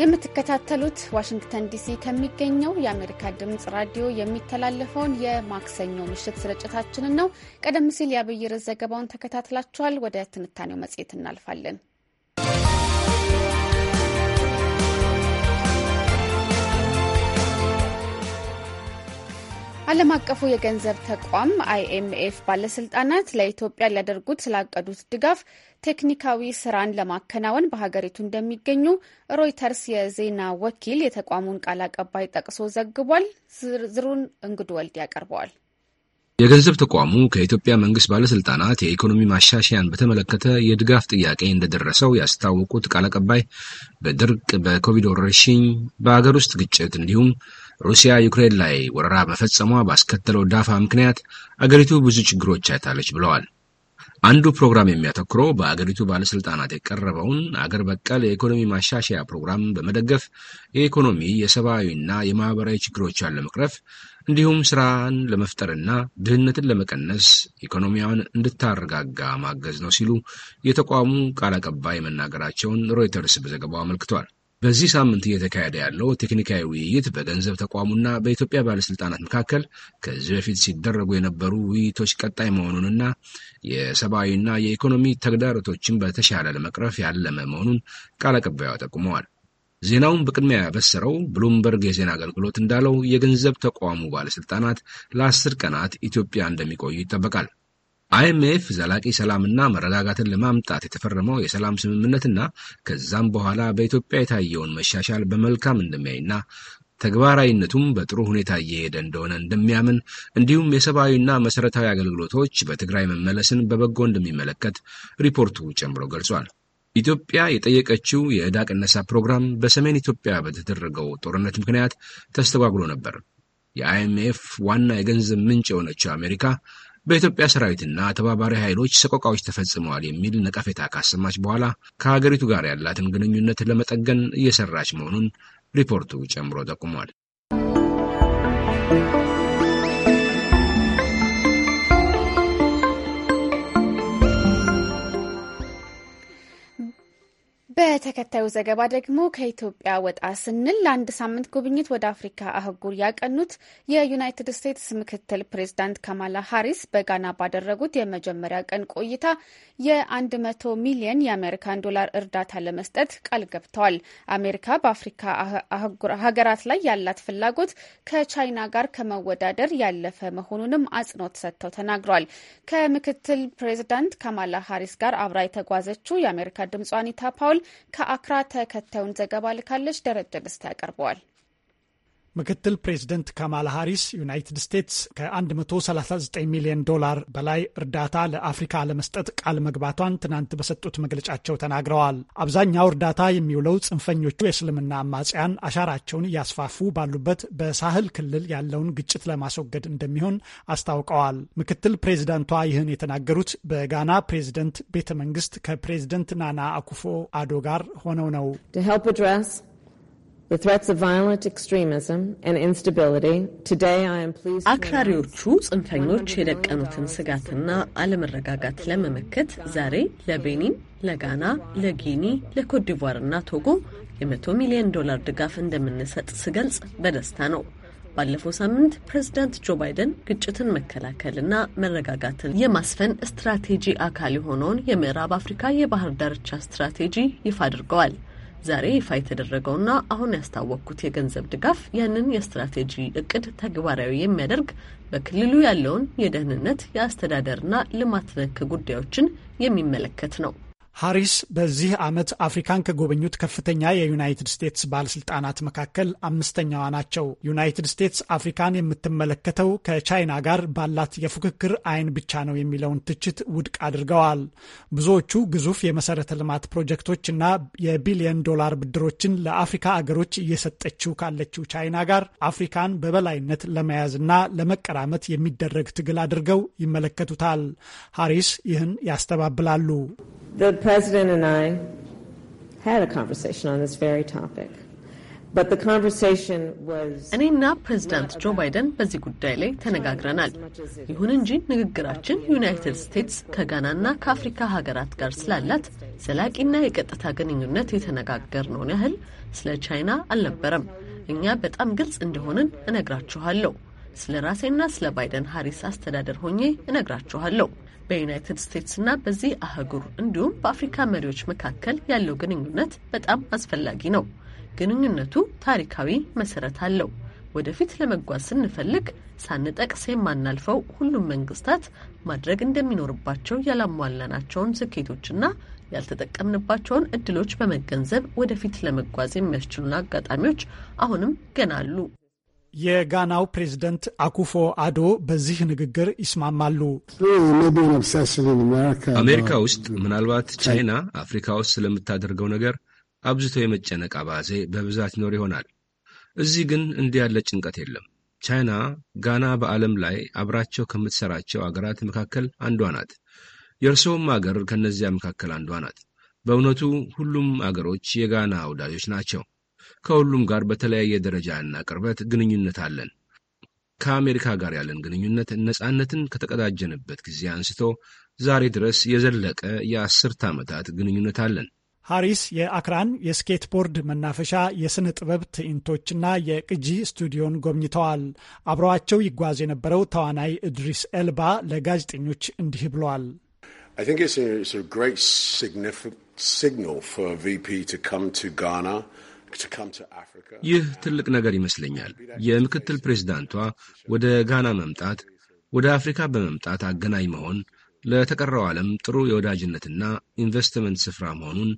Speaker 1: የምትከታተሉት ዋሽንግተን ዲሲ ከሚገኘው የአሜሪካ ድምፅ ራዲዮ የሚተላለፈውን የማክሰኞ ምሽት ስርጭታችንን ነው። ቀደም ሲል የአብይር ዘገባውን ተከታትላችኋል። ወደ ትንታኔው መጽሔት እናልፋለን። ዓለም አቀፉ የገንዘብ ተቋም አይኤምኤፍ ባለስልጣናት ለኢትዮጵያ ሊያደርጉት ስላቀዱት ድጋፍ ቴክኒካዊ ስራን ለማከናወን በሀገሪቱ እንደሚገኙ ሮይተርስ የዜና ወኪል የተቋሙን ቃል አቀባይ ጠቅሶ ዘግቧል። ዝርዝሩን እንግዱ ወልድ ያቀርበዋል።
Speaker 9: የገንዘብ ተቋሙ ከኢትዮጵያ መንግስት ባለስልጣናት የኢኮኖሚ ማሻሻያን በተመለከተ የድጋፍ ጥያቄ እንደደረሰው ያስታወቁት ቃል አቀባይ በድርቅ፣ በኮቪድ ወረርሽኝ፣ በሀገር ውስጥ ግጭት እንዲሁም ሩሲያ ዩክሬን ላይ ወረራ መፈጸሟ ባስከተለው ዳፋ ምክንያት አገሪቱ ብዙ ችግሮች አይታለች ብለዋል። አንዱ ፕሮግራም የሚያተኩረው በአገሪቱ ባለሥልጣናት የቀረበውን አገር በቀል የኢኮኖሚ ማሻሻያ ፕሮግራም በመደገፍ የኢኮኖሚ የሰብአዊና የማኅበራዊ ችግሮቿን ለመቅረፍ እንዲሁም ሥራን ለመፍጠርና ድህነትን ለመቀነስ ኢኮኖሚያውን እንድታረጋጋ ማገዝ ነው ሲሉ የተቋሙ ቃል አቀባይ መናገራቸውን ሮይተርስ በዘገባው አመልክቷል። በዚህ ሳምንት እየተካሄደ ያለው ቴክኒካዊ ውይይት በገንዘብ ተቋሙና በኢትዮጵያ ባለስልጣናት መካከል ከዚህ በፊት ሲደረጉ የነበሩ ውይይቶች ቀጣይ መሆኑንና የሰብአዊና የኢኮኖሚ ተግዳሮቶችን በተሻለ ለመቅረፍ ያለመ መሆኑን ቃል አቀባዩ ጠቁመዋል። ዜናውን በቅድሚያ ያበሰረው ብሉምበርግ የዜና አገልግሎት እንዳለው የገንዘብ ተቋሙ ባለስልጣናት ለአስር ቀናት ኢትዮጵያ እንደሚቆዩ ይጠበቃል። አይኤምኤፍ ዘላቂ ሰላምና መረጋጋትን ለማምጣት የተፈረመው የሰላም ስምምነትና ከዛም በኋላ በኢትዮጵያ የታየውን መሻሻል በመልካም እንደሚያይና ተግባራዊነቱም በጥሩ ሁኔታ እየሄደ እንደሆነ እንደሚያምን እንዲሁም የሰብአዊና መሰረታዊ አገልግሎቶች በትግራይ መመለስን በበጎ እንደሚመለከት ሪፖርቱ ጨምሮ ገልጿል። ኢትዮጵያ የጠየቀችው የዕዳ ቅነሳ ፕሮግራም በሰሜን ኢትዮጵያ በተደረገው ጦርነት ምክንያት ተስተጓጉሎ ነበር። የአይኤምኤፍ ዋና የገንዘብ ምንጭ የሆነችው አሜሪካ በኢትዮጵያ ሰራዊትና ተባባሪ ኃይሎች ሰቆቃዎች ተፈጽመዋል የሚል ነቀፌታ ካሰማች በኋላ ከሀገሪቱ ጋር ያላትን ግንኙነት ለመጠገን እየሰራች መሆኑን ሪፖርቱ ጨምሮ ጠቁሟል።
Speaker 1: በተከታዩ ዘገባ ደግሞ ከኢትዮጵያ ወጣ ስንል ለአንድ ሳምንት ጉብኝት ወደ አፍሪካ አህጉር ያቀኑት የዩናይትድ ስቴትስ ምክትል ፕሬዚዳንት ካማላ ሀሪስ በጋና ባደረጉት የመጀመሪያ ቀን ቆይታ የ100 ሚሊየን የአሜሪካን ዶላር እርዳታ ለመስጠት ቃል ገብተዋል። አሜሪካ በአፍሪካ ሀገራት ላይ ያላት ፍላጎት ከቻይና ጋር ከመወዳደር ያለፈ መሆኑንም አጽንኦት ሰጥተው ተናግረዋል። ከምክትል ፕሬዚዳንት ካማላ ሀሪስ ጋር አብራ የተጓዘችው የአሜሪካ ድምጿ አኒታ ፓውል ከአክራ ተከታዩን ዘገባ ልካለች። ደረጀ ደስታ
Speaker 10: ያቀርበዋል። ምክትል ፕሬዚደንት ካማላ ሃሪስ ዩናይትድ ስቴትስ ከ139 ሚሊዮን ዶላር በላይ እርዳታ ለአፍሪካ ለመስጠት ቃል መግባቷን ትናንት በሰጡት መግለጫቸው ተናግረዋል። አብዛኛው እርዳታ የሚውለው ጽንፈኞቹ የእስልምና አማጽያን አሻራቸውን እያስፋፉ ባሉበት በሳህል ክልል ያለውን ግጭት ለማስወገድ እንደሚሆን አስታውቀዋል። ምክትል ፕሬዚዳንቷ ይህን የተናገሩት በጋና ፕሬዚደንት ቤተ መንግስት ከፕሬዚደንት ናና አኩፎ አዶ ጋር ሆነው ነው። አክራሪዎቹ
Speaker 11: ጽንፈኞች የደቀኑትን ስጋትና አለመረጋጋት ለመመከት ዛሬ ለቤኒን፣ ለጋና፣ ለጊኒ፣ ለኮትዲቯር እና ቶጎ የመቶ ሚሊዮን ዶላር ድጋፍ እንደምንሰጥ ስገልጽ በደስታ ነው። ባለፈው ሳምንት ፕሬዚዳንት ጆ ባይደን ግጭትን መከላከልና መረጋጋትን የማስፈን ስትራቴጂ አካል የሆነውን የምዕራብ አፍሪካ የባህር ዳርቻ ስትራቴጂ ይፋ አድርገዋል። ዛሬ ይፋ የተደረገውና አሁን ያስታወቅኩት የገንዘብ ድጋፍ ያንን የስትራቴጂ እቅድ ተግባራዊ የሚያደርግ በክልሉ
Speaker 10: ያለውን የደህንነት፣ የአስተዳደርና ልማት ነክ ጉዳዮችን የሚመለከት ነው። ሃሪስ በዚህ ዓመት አፍሪካን ከጎበኙት ከፍተኛ የዩናይትድ ስቴትስ ባለስልጣናት መካከል አምስተኛዋ ናቸው። ዩናይትድ ስቴትስ አፍሪካን የምትመለከተው ከቻይና ጋር ባላት የፉክክር አይን ብቻ ነው የሚለውን ትችት ውድቅ አድርገዋል። ብዙዎቹ ግዙፍ የመሰረተ ልማት ፕሮጀክቶች እና የቢሊየን ዶላር ብድሮችን ለአፍሪካ አገሮች እየሰጠችው ካለችው ቻይና ጋር አፍሪካን በበላይነት ለመያዝ ለመቀራመት የሚደረግ ትግል አድርገው ይመለከቱታል። ሃሪስ ይህን ያስተባብላሉ። president and I
Speaker 7: had a conversation on this very topic.
Speaker 11: እኔና ፕሬዚዳንት ጆ ባይደን በዚህ ጉዳይ ላይ ተነጋግረናል። ይሁን እንጂ ንግግራችን ዩናይትድ ስቴትስ ከጋናና ከአፍሪካ ሀገራት ጋር ስላላት ዘላቂና የቀጥታ ግንኙነት የተነጋገርነውን ያህል ስለ ቻይና አልነበረም። እኛ በጣም ግልጽ እንደሆንን እነግራችኋለሁ። ስለ ራሴና ስለ ባይደን ሀሪስ አስተዳደር ሆኜ እነግራችኋለሁ። በዩናይትድ ስቴትስና በዚህ አህጉር እንዲሁም በአፍሪካ መሪዎች መካከል ያለው ግንኙነት በጣም አስፈላጊ ነው። ግንኙነቱ ታሪካዊ መሰረት አለው። ወደፊት ለመጓዝ ስንፈልግ ሳንጠቅስ የማናልፈው ሁሉም መንግስታት ማድረግ እንደሚኖርባቸው ያላሟላናቸውን ስኬቶችና ያልተጠቀምንባቸውን እድሎች በመገንዘብ ወደፊት ለመጓዝ የሚያስችሉን አጋጣሚዎች
Speaker 10: አሁንም ገና አሉ። የጋናው ፕሬዝደንት አኩፎ አዶ በዚህ ንግግር ይስማማሉ። አሜሪካ
Speaker 9: ውስጥ ምናልባት ቻይና አፍሪካ ውስጥ ስለምታደርገው ነገር አብዝቶ የመጨነቅ አባዜ በብዛት ይኖር ይሆናል። እዚህ ግን እንዲህ ያለ ጭንቀት የለም። ቻይና ጋና በዓለም ላይ አብራቸው ከምትሰራቸው አገራት መካከል አንዷ ናት። የእርስዎም አገር ከእነዚያ መካከል አንዷ ናት። በእውነቱ ሁሉም አገሮች የጋና ወዳጆች ናቸው። ከሁሉም ጋር በተለያየ ደረጃና ቅርበት ግንኙነት አለን። ከአሜሪካ ጋር ያለን ግንኙነት ነጻነትን ከተቀዳጀንበት ጊዜ አንስቶ ዛሬ ድረስ የዘለቀ የአስርት ዓመታት ግንኙነት አለን።
Speaker 10: ሃሪስ የአክራን የስኬትቦርድ መናፈሻ የስነ ጥበብ ትዕይንቶችና የቅጂ ስቱዲዮን ጎብኝተዋል። አብረዋቸው ይጓዝ የነበረው ተዋናይ እድሪስ ኤልባ ለጋዜጠኞች እንዲህ ብለዋል።
Speaker 12: I think it's a, it's a ይህ
Speaker 9: ትልቅ ነገር ይመስለኛል። የምክትል ፕሬዚዳንቷ ወደ ጋና መምጣት፣ ወደ አፍሪካ በመምጣት አገናኝ መሆን ለተቀረው ዓለም ጥሩ የወዳጅነትና ኢንቨስትመንት ስፍራ መሆኑን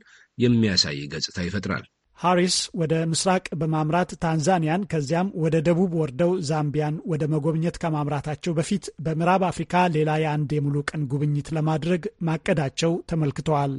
Speaker 9: የሚያሳይ ገጽታ ይፈጥራል።
Speaker 10: ሃሪስ ወደ ምስራቅ በማምራት ታንዛኒያን ከዚያም ወደ ደቡብ ወርደው ዛምቢያን ወደ መጎብኘት ከማምራታቸው በፊት በምዕራብ አፍሪካ ሌላ የአንድ የሙሉ ቀን ጉብኝት ለማድረግ ማቀዳቸው ተመልክተዋል።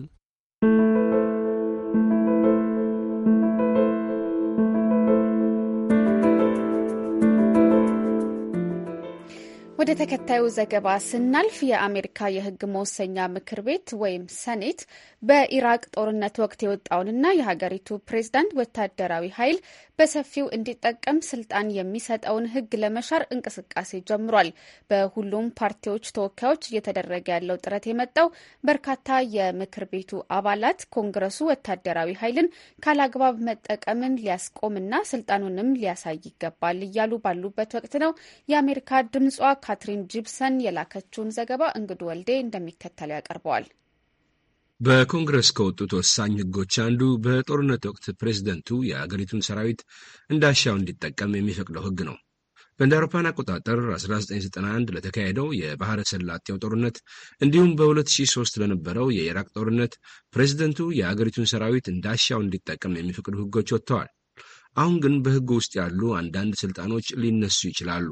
Speaker 3: ወደ
Speaker 1: ተከታዩ ዘገባ ስናልፍ የአሜሪካ የሕግ መወሰኛ ምክር ቤት ወይም ሰኔት በኢራቅ ጦርነት ወቅት የወጣውንና የሀገሪቱ ፕሬዝዳንት ወታደራዊ ኃይል በሰፊው እንዲጠቀም ስልጣን የሚሰጠውን ህግ ለመሻር እንቅስቃሴ ጀምሯል። በሁሉም ፓርቲዎች ተወካዮች እየተደረገ ያለው ጥረት የመጣው በርካታ የምክር ቤቱ አባላት ኮንግረሱ ወታደራዊ ኃይልን ካላግባብ መጠቀምን ሊያስቆምና ስልጣኑንም ሊያሳይ ይገባል እያሉ ባሉበት ወቅት ነው። የአሜሪካ ድምጿ ካትሪን ጂፕሰን የላከችውን ዘገባ እንግዱ ወልዴ እንደሚከተለው ያቀርበዋል።
Speaker 9: በኮንግረስ ከወጡት ወሳኝ ህጎች አንዱ በጦርነት ወቅት ፕሬዝደንቱ የአገሪቱን ሰራዊት እንዳሻው እንዲጠቀም የሚፈቅደው ህግ ነው። በእንደ አውሮፓን አቆጣጠር 1991 ለተካሄደው የባህረ ሰላጤው ጦርነት እንዲሁም በ2003 ለነበረው የኢራቅ ጦርነት ፕሬዝደንቱ የአገሪቱን ሰራዊት እንዳሻው እንዲጠቀም የሚፈቅዱ ህጎች ወጥተዋል። አሁን ግን በህጉ ውስጥ ያሉ አንዳንድ ስልጣኖች ሊነሱ ይችላሉ።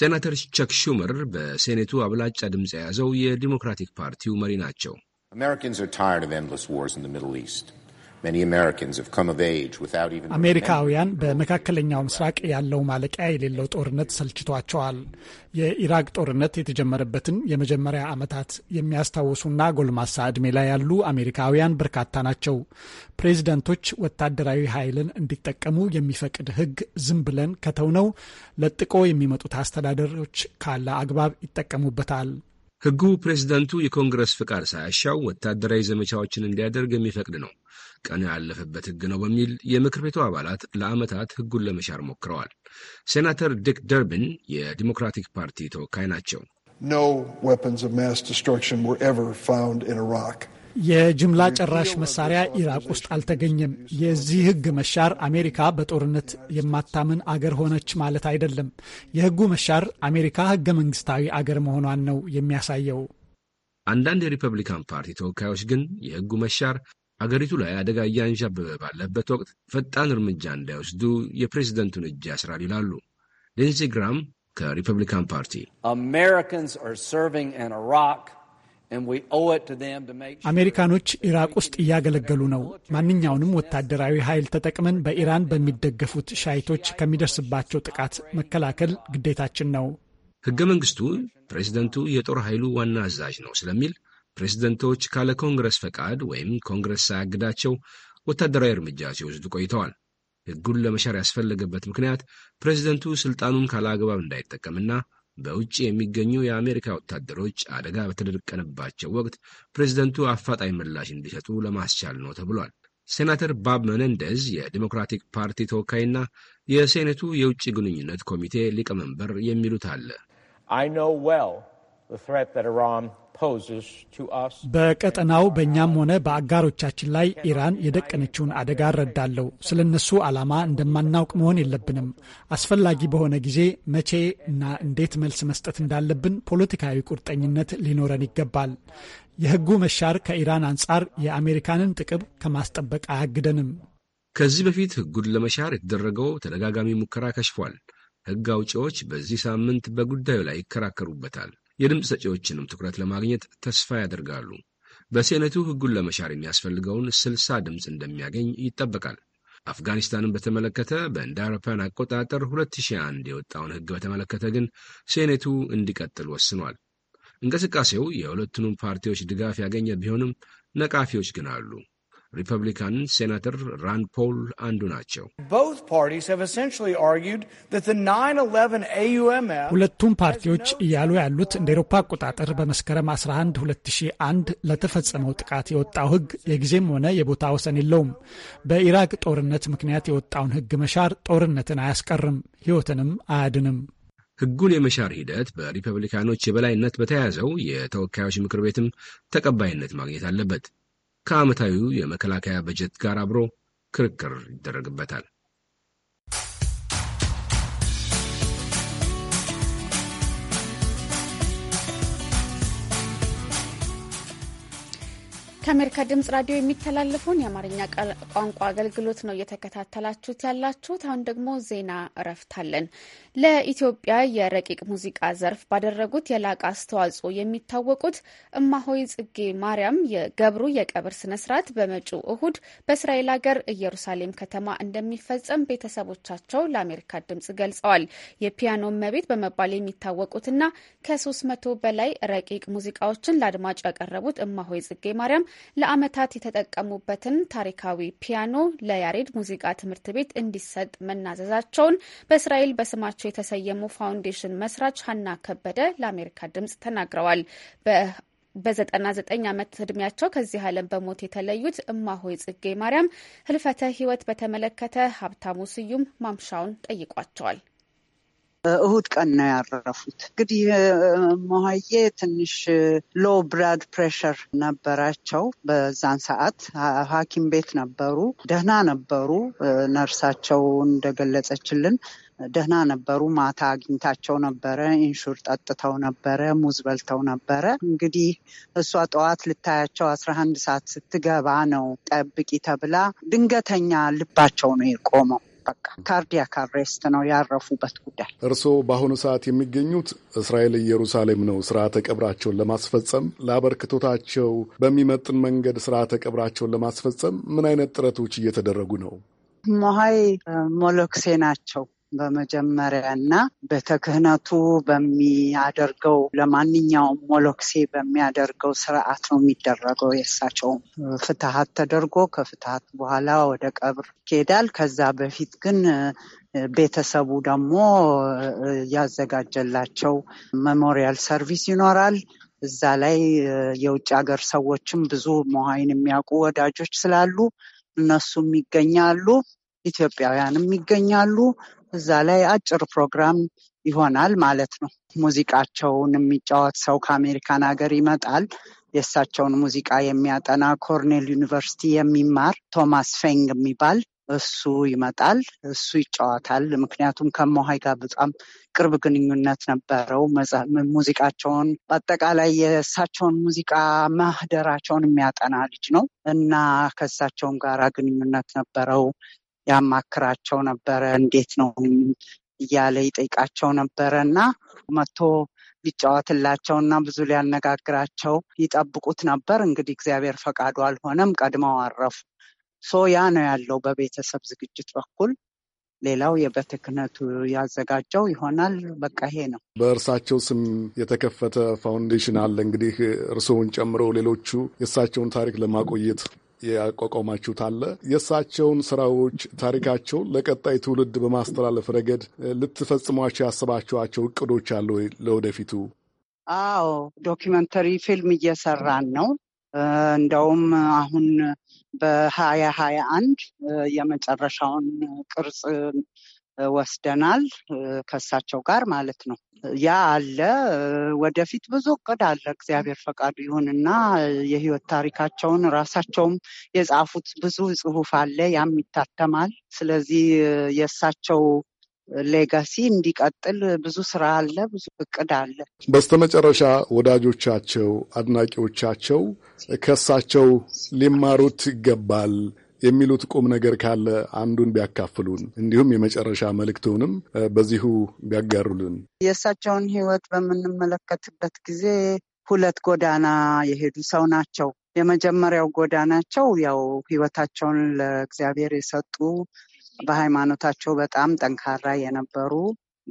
Speaker 9: ሴናተር ቸክ ሹመር በሴኔቱ አብላጫ ድምፅ የያዘው የዲሞክራቲክ ፓርቲው መሪ ናቸው።
Speaker 11: አሜሪካውያን
Speaker 10: በመካከለኛው ምስራቅ ያለው ማለቂያ የሌለው ጦርነት ሰልችቷቸዋል። የኢራቅ ጦርነት የተጀመረበትን የመጀመሪያ ዓመታት የሚያስታውሱና ጎልማሳ ዕድሜ ላይ ያሉ አሜሪካውያን በርካታ ናቸው። ፕሬዚደንቶች ወታደራዊ ኃይልን እንዲጠቀሙ የሚፈቅድ ሕግ ዝም ብለን ከተውነው ለጥቆ የሚመጡት አስተዳደሮች ካለ አግባብ ይጠቀሙበታል።
Speaker 9: ሕጉ ፕሬዚዳንቱ የኮንግረስ ፍቃድ ሳያሻው ወታደራዊ ዘመቻዎችን እንዲያደርግ የሚፈቅድ ነው። ቀኑ ያለፈበት ሕግ ነው በሚል የምክር ቤቱ አባላት ለዓመታት ሕጉን ለመሻር ሞክረዋል። ሴናተር ዲክ ደርቢን የዲሞክራቲክ ፓርቲ ተወካይ ናቸው።
Speaker 2: No weapons of mass destruction were ever found in Iraq.
Speaker 10: የጅምላ ጨራሽ መሳሪያ ኢራቅ ውስጥ አልተገኘም። የዚህ ህግ መሻር አሜሪካ በጦርነት የማታምን አገር ሆነች ማለት አይደለም። የህጉ መሻር አሜሪካ ህገ መንግስታዊ አገር መሆኗን ነው የሚያሳየው።
Speaker 9: አንዳንድ የሪፐብሊካን ፓርቲ ተወካዮች ግን የህጉ መሻር አገሪቱ ላይ አደጋ እያንዣበበ ባለበት ወቅት ፈጣን እርምጃ እንዳይወስዱ የፕሬዚደንቱን እጅ ያስራል ይላሉ። ሊንዚ ግራም ከሪፐብሊካን ፓርቲ
Speaker 10: አሜሪካኖች ኢራቅ ውስጥ እያገለገሉ ነው። ማንኛውንም ወታደራዊ ኃይል ተጠቅመን በኢራን በሚደገፉት ሻይቶች ከሚደርስባቸው ጥቃት መከላከል ግዴታችን ነው።
Speaker 9: ሕገ መንግስቱ ፕሬዚደንቱ የጦር ኃይሉ ዋና አዛዥ ነው ስለሚል ፕሬዚደንቶች ካለ ኮንግረስ ፈቃድ ወይም ኮንግረስ ሳያግዳቸው ወታደራዊ እርምጃ ሲወስዱ ቆይተዋል። ሕጉን ለመሻር ያስፈለገበት ምክንያት ፕሬዚደንቱ ስልጣኑን ካለ አግባብ እንዳይጠቀምና በውጭ የሚገኙ የአሜሪካ ወታደሮች አደጋ በተደቀነባቸው ወቅት ፕሬዝደንቱ አፋጣኝ ምላሽ እንዲሰጡ ለማስቻል ነው ተብሏል። ሴናተር ባብ መነንደዝ የዲሞክራቲክ ፓርቲ ተወካይና የሴኔቱ የውጭ ግንኙነት ኮሚቴ ሊቀመንበር የሚሉት አለ።
Speaker 10: በቀጠናው በእኛም ሆነ በአጋሮቻችን ላይ ኢራን የደቀነችውን አደጋ እረዳለሁ። ስለ እነሱ ዓላማ እንደማናውቅ መሆን የለብንም። አስፈላጊ በሆነ ጊዜ መቼ እና እንዴት መልስ መስጠት እንዳለብን ፖለቲካዊ ቁርጠኝነት ሊኖረን ይገባል። የሕጉ መሻር ከኢራን አንጻር የአሜሪካንን ጥቅም ከማስጠበቅ አያግደንም።
Speaker 9: ከዚህ በፊት ሕጉን ለመሻር የተደረገው ተደጋጋሚ ሙከራ ከሽፏል። ሕግ አውጪዎች በዚህ ሳምንት በጉዳዩ ላይ ይከራከሩበታል። የድምፅ ሰጪዎችንም ትኩረት ለማግኘት ተስፋ ያደርጋሉ። በሴኔቱ ሕጉን ለመሻር የሚያስፈልገውን ስልሳ ድምፅ እንደሚያገኝ ይጠበቃል። አፍጋኒስታንን በተመለከተ በእንደ አውሮፓውያን አቆጣጠር 2001 የወጣውን ሕግ በተመለከተ ግን ሴኔቱ እንዲቀጥል ወስኗል። እንቅስቃሴው የሁለቱንም ፓርቲዎች ድጋፍ ያገኘ ቢሆንም ነቃፊዎች ግን አሉ። ሪፐብሊካን ሴናተር ራን ፖል አንዱ ናቸው።
Speaker 10: ሁለቱም ፓርቲዎች እያሉ ያሉት እንደ ኤሮፓ አቆጣጠር በመስከረም 11 2001 ለተፈጸመው ጥቃት የወጣው ሕግ የጊዜም ሆነ የቦታ ወሰን የለውም። በኢራቅ ጦርነት ምክንያት የወጣውን ሕግ መሻር ጦርነትን አያስቀርም፣ ሕይወትንም አያድንም።
Speaker 9: ሕጉን የመሻር ሂደት በሪፐብሊካኖች የበላይነት በተያያዘው የተወካዮች ምክር ቤትም ተቀባይነት ማግኘት አለበት። ከዓመታዊው የመከላከያ በጀት ጋር አብሮ ክርክር ይደረግበታል።
Speaker 1: ከአሜሪካ ድምጽ ራዲዮ የሚተላለፈውን የአማርኛ ቋንቋ አገልግሎት ነው እየተከታተላችሁት ያላችሁት። አሁን ደግሞ ዜና እረፍታለን። ለኢትዮጵያ የረቂቅ ሙዚቃ ዘርፍ ባደረጉት የላቀ አስተዋጽኦ የሚታወቁት እማሆይ ጽጌ ማርያም የገብሩ የቀብር ስነ ስርዓት በመጪው እሁድ በእስራኤል ሀገር ኢየሩሳሌም ከተማ እንደሚፈጸም ቤተሰቦቻቸው ለአሜሪካ ድምጽ ገልጸዋል። የፒያኖ እመቤት በመባል የሚታወቁትና ከ300 በላይ ረቂቅ ሙዚቃዎችን ለአድማጭ ያቀረቡት እማሆይ ጽጌ ማርያም ለአመታት የተጠቀሙበትን ታሪካዊ ፒያኖ ለያሬድ ሙዚቃ ትምህርት ቤት እንዲሰጥ መናዘዛቸውን በእስራኤል በስማቸው የተሰየሙ ፋውንዴሽን መስራች ሀና ከበደ ለአሜሪካ ድምጽ ተናግረዋል። በ99 ዓመት እድሜያቸው ከዚህ ዓለም በሞት የተለዩት እማሆይ ጽጌ ማርያም ህልፈተ ህይወት በተመለከተ ሀብታሙ ስዩም ማምሻውን ጠይቋቸዋል።
Speaker 13: እሁድ ቀን ነው ያረፉት። እንግዲህ መሀዬ ትንሽ ሎ ብላድ ፕሬሸር ነበራቸው። በዛን ሰዓት ሐኪም ቤት ነበሩ። ደህና ነበሩ። ነርሳቸው እንደገለጸችልን ደህና ነበሩ። ማታ አግኝታቸው ነበረ። ኢንሹር ጠጥተው ነበረ። ሙዝ በልተው ነበረ። እንግዲህ እሷ ጠዋት ልታያቸው አስራ አንድ ሰዓት ስትገባ ነው ጠብቂ ተብላ ድንገተኛ ልባቸው ነው የቆመው በቃ ካርዲያክ አሬስት ነው ያረፉበት ጉዳይ።
Speaker 12: እርስዎ በአሁኑ ሰዓት የሚገኙት እስራኤል ኢየሩሳሌም ነው። ስርዓተ ቀብራቸውን ለማስፈጸም ለአበርክቶታቸው በሚመጥን መንገድ ስርዓተ ቀብራቸውን ለማስፈጸም ምን አይነት ጥረቶች እየተደረጉ ነው?
Speaker 13: ሞሀይ ሞሎክሴ ናቸው በመጀመሪያና
Speaker 12: በተክህነቱ በሚያደርገው
Speaker 13: ለማንኛውም ሞሎክሴ በሚያደርገው ስርዓት ነው የሚደረገው። የእሳቸው ፍትሀት ተደርጎ ከፍትሀት በኋላ ወደ ቀብር ይሄዳል። ከዛ በፊት ግን ቤተሰቡ ደግሞ ያዘጋጀላቸው መሞሪያል ሰርቪስ ይኖራል። እዛ ላይ የውጭ ሀገር ሰዎችም ብዙ መሀይን የሚያውቁ ወዳጆች ስላሉ እነሱም ይገኛሉ። ኢትዮጵያውያንም ይገኛሉ። እዛ ላይ አጭር ፕሮግራም ይሆናል ማለት ነው። ሙዚቃቸውን የሚጫወት ሰው ከአሜሪካን ሀገር ይመጣል። የእሳቸውን ሙዚቃ የሚያጠና ኮርኔል ዩኒቨርሲቲ የሚማር ቶማስ ፌንግ የሚባል እሱ ይመጣል። እሱ ይጫወታል። ምክንያቱም ከመሀይ ጋር በጣም ቅርብ ግንኙነት ነበረው። ሙዚቃቸውን በአጠቃላይ የእሳቸውን ሙዚቃ ማህደራቸውን የሚያጠና ልጅ ነው እና ከእሳቸውን ጋር ግንኙነት ነበረው። ያማክራቸው ነበረ። እንዴት ነው እያለ ይጠይቃቸው ነበረ እና መቶ ሊጫወትላቸው እና ብዙ ሊያነጋግራቸው ይጠብቁት ነበር። እንግዲህ እግዚአብሔር ፈቃዱ አልሆነም፣ ቀድመው አረፉ። ሶ ያ ነው ያለው በቤተሰብ ዝግጅት በኩል። ሌላው የቤተ ክህነቱ ያዘጋጀው ይሆናል። በቃ ይሄ ነው።
Speaker 12: በእርሳቸው ስም የተከፈተ ፋውንዴሽን አለ። እንግዲህ እርስዎን ጨምሮ ሌሎቹ የእሳቸውን ታሪክ ለማቆየት ያቋቋማችሁት አለ። የእሳቸውን ስራዎች፣ ታሪካቸውን ለቀጣይ ትውልድ በማስተላለፍ ረገድ ልትፈጽሟቸው ያሰባችኋቸው እቅዶች አሉ ለወደፊቱ?
Speaker 13: አዎ፣ ዶኪመንተሪ ፊልም እየሰራን ነው። እንደውም አሁን በሀያ ሀያ አንድ የመጨረሻውን ቅርጽ ወስደናል ከእሳቸው ጋር ማለት ነው። ያ አለ። ወደፊት ብዙ እቅድ አለ። እግዚአብሔር ፈቃዱ ይሁንና የህይወት ታሪካቸውን ራሳቸውም የጻፉት ብዙ ጽሁፍ አለ፣ ያም ይታተማል። ስለዚህ የእሳቸው ሌጋሲ እንዲቀጥል ብዙ ስራ አለ፣ ብዙ እቅድ አለ።
Speaker 12: በስተመጨረሻ ወዳጆቻቸው፣ አድናቂዎቻቸው ከእሳቸው ሊማሩት ይገባል የሚሉት ቁም ነገር ካለ አንዱን ቢያካፍሉን፣ እንዲሁም የመጨረሻ መልእክቱንም በዚሁ ቢያጋሩልን።
Speaker 13: የእሳቸውን ህይወት በምንመለከትበት ጊዜ ሁለት ጎዳና የሄዱ ሰው ናቸው። የመጀመሪያው ጎዳናቸው ያው ህይወታቸውን ለእግዚአብሔር የሰጡ በሃይማኖታቸው በጣም ጠንካራ የነበሩ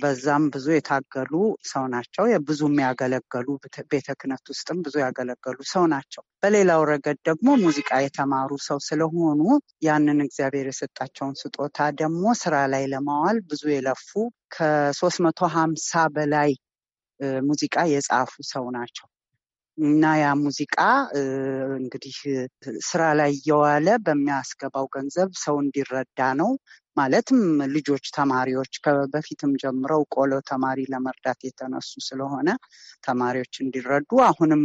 Speaker 13: በዛም ብዙ የታገሉ ሰው ናቸው። ብዙ የሚያገለገሉ ቤተ ክህነት ውስጥም ብዙ ያገለገሉ ሰው ናቸው። በሌላው ረገድ ደግሞ ሙዚቃ የተማሩ ሰው ስለሆኑ ያንን እግዚአብሔር የሰጣቸውን ስጦታ ደግሞ ስራ ላይ ለማዋል ብዙ የለፉ ከሶስት መቶ ሀምሳ በላይ ሙዚቃ የጻፉ ሰው ናቸው እና ያ ሙዚቃ እንግዲህ ስራ ላይ እየዋለ በሚያስገባው ገንዘብ ሰው እንዲረዳ ነው። ማለትም ልጆች ተማሪዎች በፊትም ጀምረው ቆሎ ተማሪ ለመርዳት የተነሱ ስለሆነ ተማሪዎች እንዲረዱ አሁንም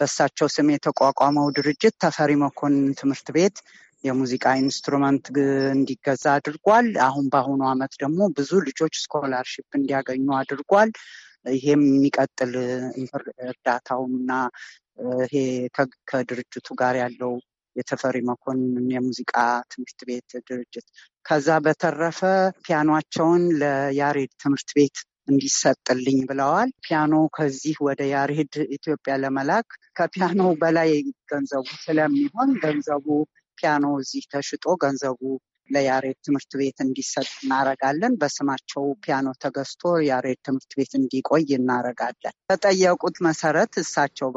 Speaker 13: በሳቸው ስም የተቋቋመው ድርጅት ተፈሪ መኮንን ትምህርት ቤት የሙዚቃ ኢንስትሩመንት እንዲገዛ አድርጓል። አሁን በአሁኑ አመት ደግሞ ብዙ ልጆች ስኮላርሽፕ እንዲያገኙ አድርጓል። ይሄም የሚቀጥል እርዳታውና ይሄ ከድርጅቱ ጋር ያለው የተፈሪ መኮንን የሙዚቃ ትምህርት ቤት ድርጅት። ከዛ በተረፈ ፒያኗቸውን ለያሬድ ትምህርት ቤት እንዲሰጥልኝ ብለዋል። ፒያኖ ከዚህ ወደ ያሬድ ኢትዮጵያ ለመላክ ከፒያኖ በላይ ገንዘቡ ስለሚሆን ገንዘቡ ፒያኖ እዚህ ተሽጦ ገንዘቡ ለያሬድ ትምህርት ቤት እንዲሰጥ እናረጋለን። በስማቸው ፒያኖ ተገዝቶ ያሬድ ትምህርት ቤት እንዲቆይ እናረጋለን። በጠየቁት መሰረት እሳቸው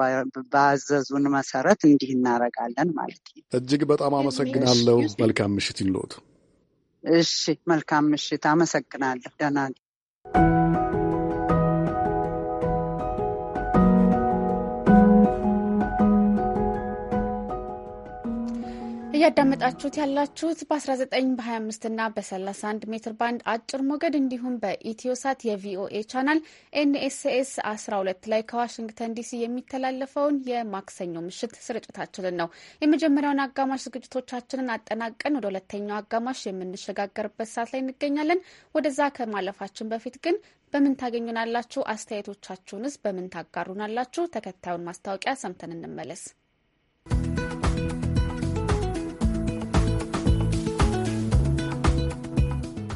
Speaker 13: ባዘዙን መሰረት እንዲህ እናረጋለን ማለት ነው። እጅግ በጣም
Speaker 12: አመሰግናለሁ። መልካም ምሽት ይንልዎት።
Speaker 13: እሺ፣ መልካም ምሽት። አመሰግናለሁ። ደህና
Speaker 1: እያዳመጣችሁት ያላችሁት በ19 በ25 እና በ31 ሜትር ባንድ አጭር ሞገድ እንዲሁም በኢትዮሳት የቪኦኤ ቻናል ኤንኤስኤስ 12 ላይ ከዋሽንግተን ዲሲ የሚተላለፈውን የማክሰኞ ምሽት ስርጭታችንን ነው። የመጀመሪያውን አጋማሽ ዝግጅቶቻችንን አጠናቀን ወደ ሁለተኛው አጋማሽ የምንሸጋገርበት ሰዓት ላይ እንገኛለን። ወደዛ ከማለፋችን በፊት ግን በምን ታገኙናላችሁ? አስተያየቶቻችሁንስ በምን ታጋሩናላችሁ? ተከታዩን ማስታወቂያ ሰምተን እንመለስ።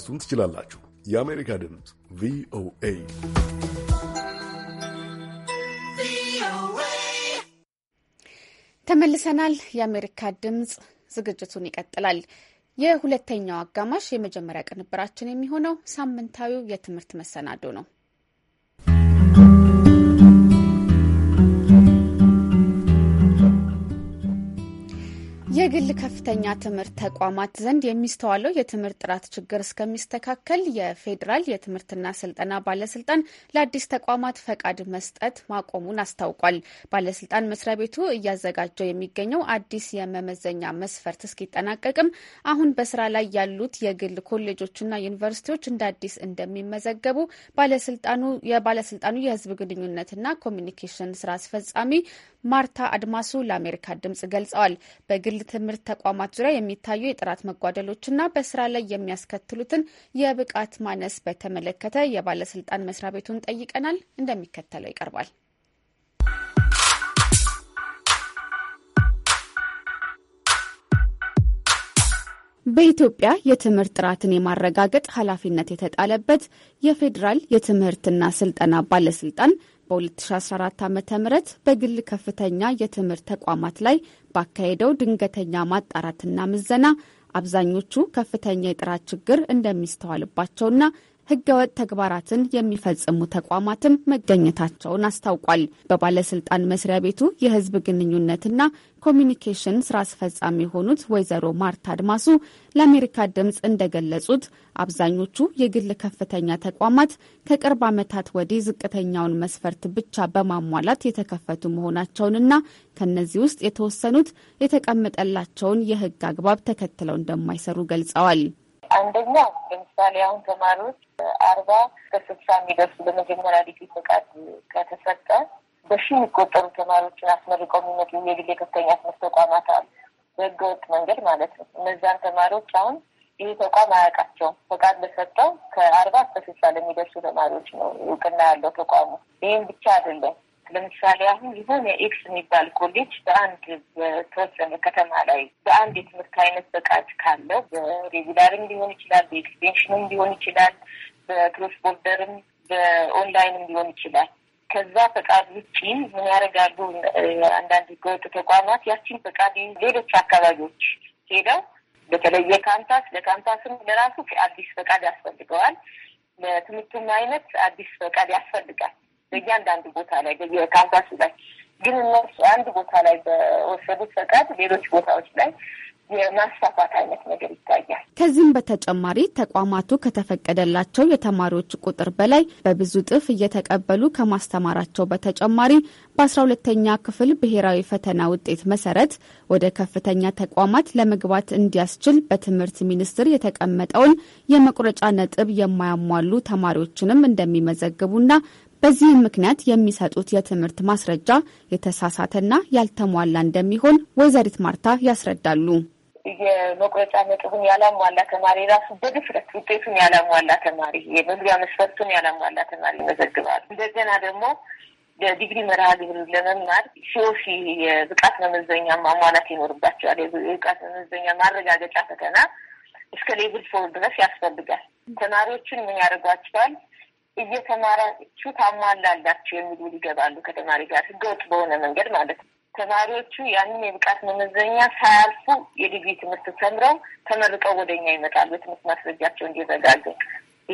Speaker 12: ልትደርሱን ትችላላችሁ። የአሜሪካ ድምፅ ቪኦኤ
Speaker 1: ተመልሰናል። የአሜሪካ ድምፅ ዝግጅቱን ይቀጥላል። የሁለተኛው አጋማሽ የመጀመሪያ ቅንብራችን የሚሆነው ሳምንታዊው የትምህርት መሰናዶ ነው። የግል ከፍተኛ ትምህርት ተቋማት ዘንድ የሚስተዋለው የትምህርት ጥራት ችግር እስከሚስተካከል የፌዴራል የትምህርትና ስልጠና ባለስልጣን ለአዲስ ተቋማት ፈቃድ መስጠት ማቆሙን አስታውቋል። ባለስልጣን መስሪያ ቤቱ እያዘጋጀው የሚገኘው አዲስ የመመዘኛ መስፈርት እስኪጠናቀቅም አሁን በስራ ላይ ያሉት የግል ኮሌጆችና ዩኒቨርሲቲዎች እንደ አዲስ እንደሚመዘገቡ ባለስልጣኑ የባለስልጣኑ የህዝብ ግንኙነትና ኮሚኒኬሽን ስራ አስፈጻሚ ማርታ አድማሱ ለአሜሪካ ድምጽ ገልጸዋል። በግል ትምህርት ተቋማት ዙሪያ የሚታዩ የጥራት መጓደሎችና በስራ ላይ የሚያስከትሉትን የብቃት ማነስ በተመለከተ የባለስልጣን መስሪያ ቤቱን ጠይቀናል። እንደሚከተለው ይቀርባል። በኢትዮጵያ የትምህርት ጥራትን የማረጋገጥ ኃላፊነት የተጣለበት የፌዴራል የትምህርትና ስልጠና ባለስልጣን በ2014 ዓ ም በግል ከፍተኛ የትምህርት ተቋማት ላይ ባካሄደው ድንገተኛ ማጣራትና ምዘና አብዛኞቹ ከፍተኛ የጥራት ችግር እንደሚስተዋልባቸውና ህገወጥ ተግባራትን የሚፈጽሙ ተቋማትም መገኘታቸውን አስታውቋል። በባለስልጣን መስሪያ ቤቱ የህዝብ ግንኙነትና ኮሚኒኬሽን ስራ አስፈጻሚ የሆኑት ወይዘሮ ማርታ አድማሱ ለአሜሪካ ድምፅ እንደገለጹት አብዛኞቹ የግል ከፍተኛ ተቋማት ከቅርብ ዓመታት ወዲህ ዝቅተኛውን መስፈርት ብቻ በማሟላት የተከፈቱ መሆናቸውንና ከእነዚህ ውስጥ የተወሰኑት የተቀመጠላቸውን የህግ አግባብ ተከትለው እንደማይሰሩ ገልጸዋል።
Speaker 5: አንደኛው ለምሳሌ አሁን ተማሪዎች አርባ ከስልሳ የሚደርሱ በመጀመሪያ ዲግሪ ፈቃድ ከተሰጠ በሺ የሚቆጠሩ ተማሪዎችን አስመርቀው የሚመጡ የግል ከፍተኛ ትምህርት ተቋማት አሉ። በህገወጥ መንገድ ማለት ነው። እነዛን ተማሪዎች አሁን ይህ ተቋም አያውቃቸውም። ፈቃድ በሰጠው ከአርባ እስከ ስልሳ ለሚደርሱ ተማሪዎች ነው እውቅና ያለው ተቋሙ። ይህም ብቻ አይደለም ለምሳሌ አሁን የሆነ ኤክስ የሚባል ኮሌጅ በአንድ በተወሰነ ከተማ ላይ በአንድ የትምህርት አይነት ብቃት ካለው በሬጉላርም ሊሆን ይችላል፣ በኤክስቴንሽንም ሊሆን ይችላል፣ በክሮስ ቦርደርም በኦንላይንም ሊሆን ይችላል። ከዛ ፈቃድ ውጪ ምን ያደርጋሉ? አንዳንድ ህገወጥ ተቋማት ያችን ፈቃድ ሌሎች አካባቢዎች ሄደው በተለየ ካምፓስ ለካምፓስም ለራሱ አዲስ ፈቃድ ያስፈልገዋል። ለትምህርቱም አይነት አዲስ ፈቃድ ያስፈልጋል። በእያንዳንዱ ቦታ ላይ በየካምፓሱ ላይ ግን እነሱ አንድ ቦታ ላይ በወሰዱት ፈቃድ ሌሎች ቦታዎች ላይ የማስፋፋት አይነት ነገር ይታያል።
Speaker 1: ከዚህም በተጨማሪ ተቋማቱ ከተፈቀደላቸው የተማሪዎች ቁጥር በላይ በብዙ ጥፍ እየተቀበሉ ከማስተማራቸው በተጨማሪ በአስራ ሁለተኛ ክፍል ብሔራዊ ፈተና ውጤት መሰረት ወደ ከፍተኛ ተቋማት ለመግባት እንዲያስችል በትምህርት ሚኒስቴር የተቀመጠውን የመቁረጫ ነጥብ የማያሟሉ ተማሪዎችንም እንደሚመዘግቡና በዚህም ምክንያት የሚሰጡት የትምህርት ማስረጃ የተሳሳተና ያልተሟላ እንደሚሆን ወይዘሪት ማርታ ያስረዳሉ።
Speaker 5: የመቁረጫ ነጥቡን ያላሟላ ተማሪ ራሱ በድፍረት ውጤቱን ያላሟላ ተማሪ፣ የመግቢያ መስፈርቱን ያላሟላ ተማሪ ይመዘግባሉ። እንደገና ደግሞ የዲግሪ መርሃ ግብር ለመማር ሲኦሲ የብቃት መመዘኛ ማሟላት ይኖርባቸዋል። የብቃት መመዘኛ ማረጋገጫ ፈተና እስከ ሌቭል ፎር ድረስ ያስፈልጋል። ተማሪዎችን ምን ያደርጓቸዋል? እየተማራችሁ ታሟላላችሁ የሚሉ ይገባሉ። ከተማሪ ጋር ህገወጥ በሆነ መንገድ ማለት ነው። ተማሪዎቹ ያንን የብቃት መመዘኛ ሳያልፉ የዲግሪ ትምህርት ተምረው ተመርቀው ወደኛ ይመጣሉ የትምህርት ማስረጃቸው እንዲረጋገ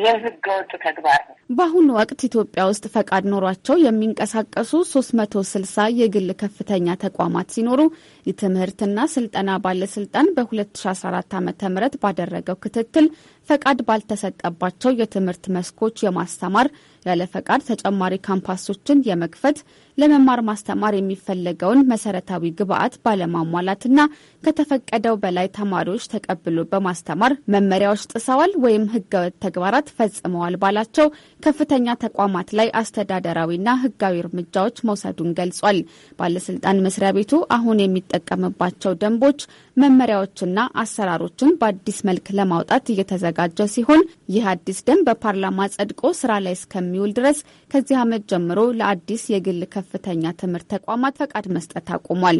Speaker 5: ይህም ህገወጥ ተግባር ነው።
Speaker 1: በአሁኑ ወቅት ኢትዮጵያ ውስጥ ፈቃድ ኖሯቸው የሚንቀሳቀሱ ሶስት መቶ ስልሳ የግል ከፍተኛ ተቋማት ሲኖሩ የትምህርትና ስልጠና ባለስልጣን በ2014 ዓ ም ባደረገው ክትትል ፈቃድ ባልተሰጠባቸው የትምህርት መስኮች የማስተማር ያለ ፈቃድ ተጨማሪ ካምፓሶችን የመክፈት ለመማር ማስተማር የሚፈለገውን መሰረታዊ ግብዓት ባለማሟላትና ከተፈቀደው በላይ ተማሪዎች ተቀብሎ በማስተማር መመሪያዎች ጥሰዋል ወይም ህገወጥ ተግባራት ፈጽመዋል ባላቸው ከፍተኛ ተቋማት ላይ አስተዳደራዊና ህጋዊ እርምጃዎች መውሰዱን ገልጿል። ባለስልጣን መስሪያ ቤቱ አሁን የሚጠቀምባቸው ደንቦች፣ መመሪያዎችና አሰራሮችን በአዲስ መልክ ለማውጣት እየተዘጋ የተዘጋጀ ሲሆን ይህ አዲስ ደንብ በፓርላማ ጸድቆ ስራ ላይ እስከሚውል ድረስ ከዚህ ዓመት ጀምሮ ለአዲስ የግል ከፍተኛ ትምህርት ተቋማት ፈቃድ መስጠት አቁሟል።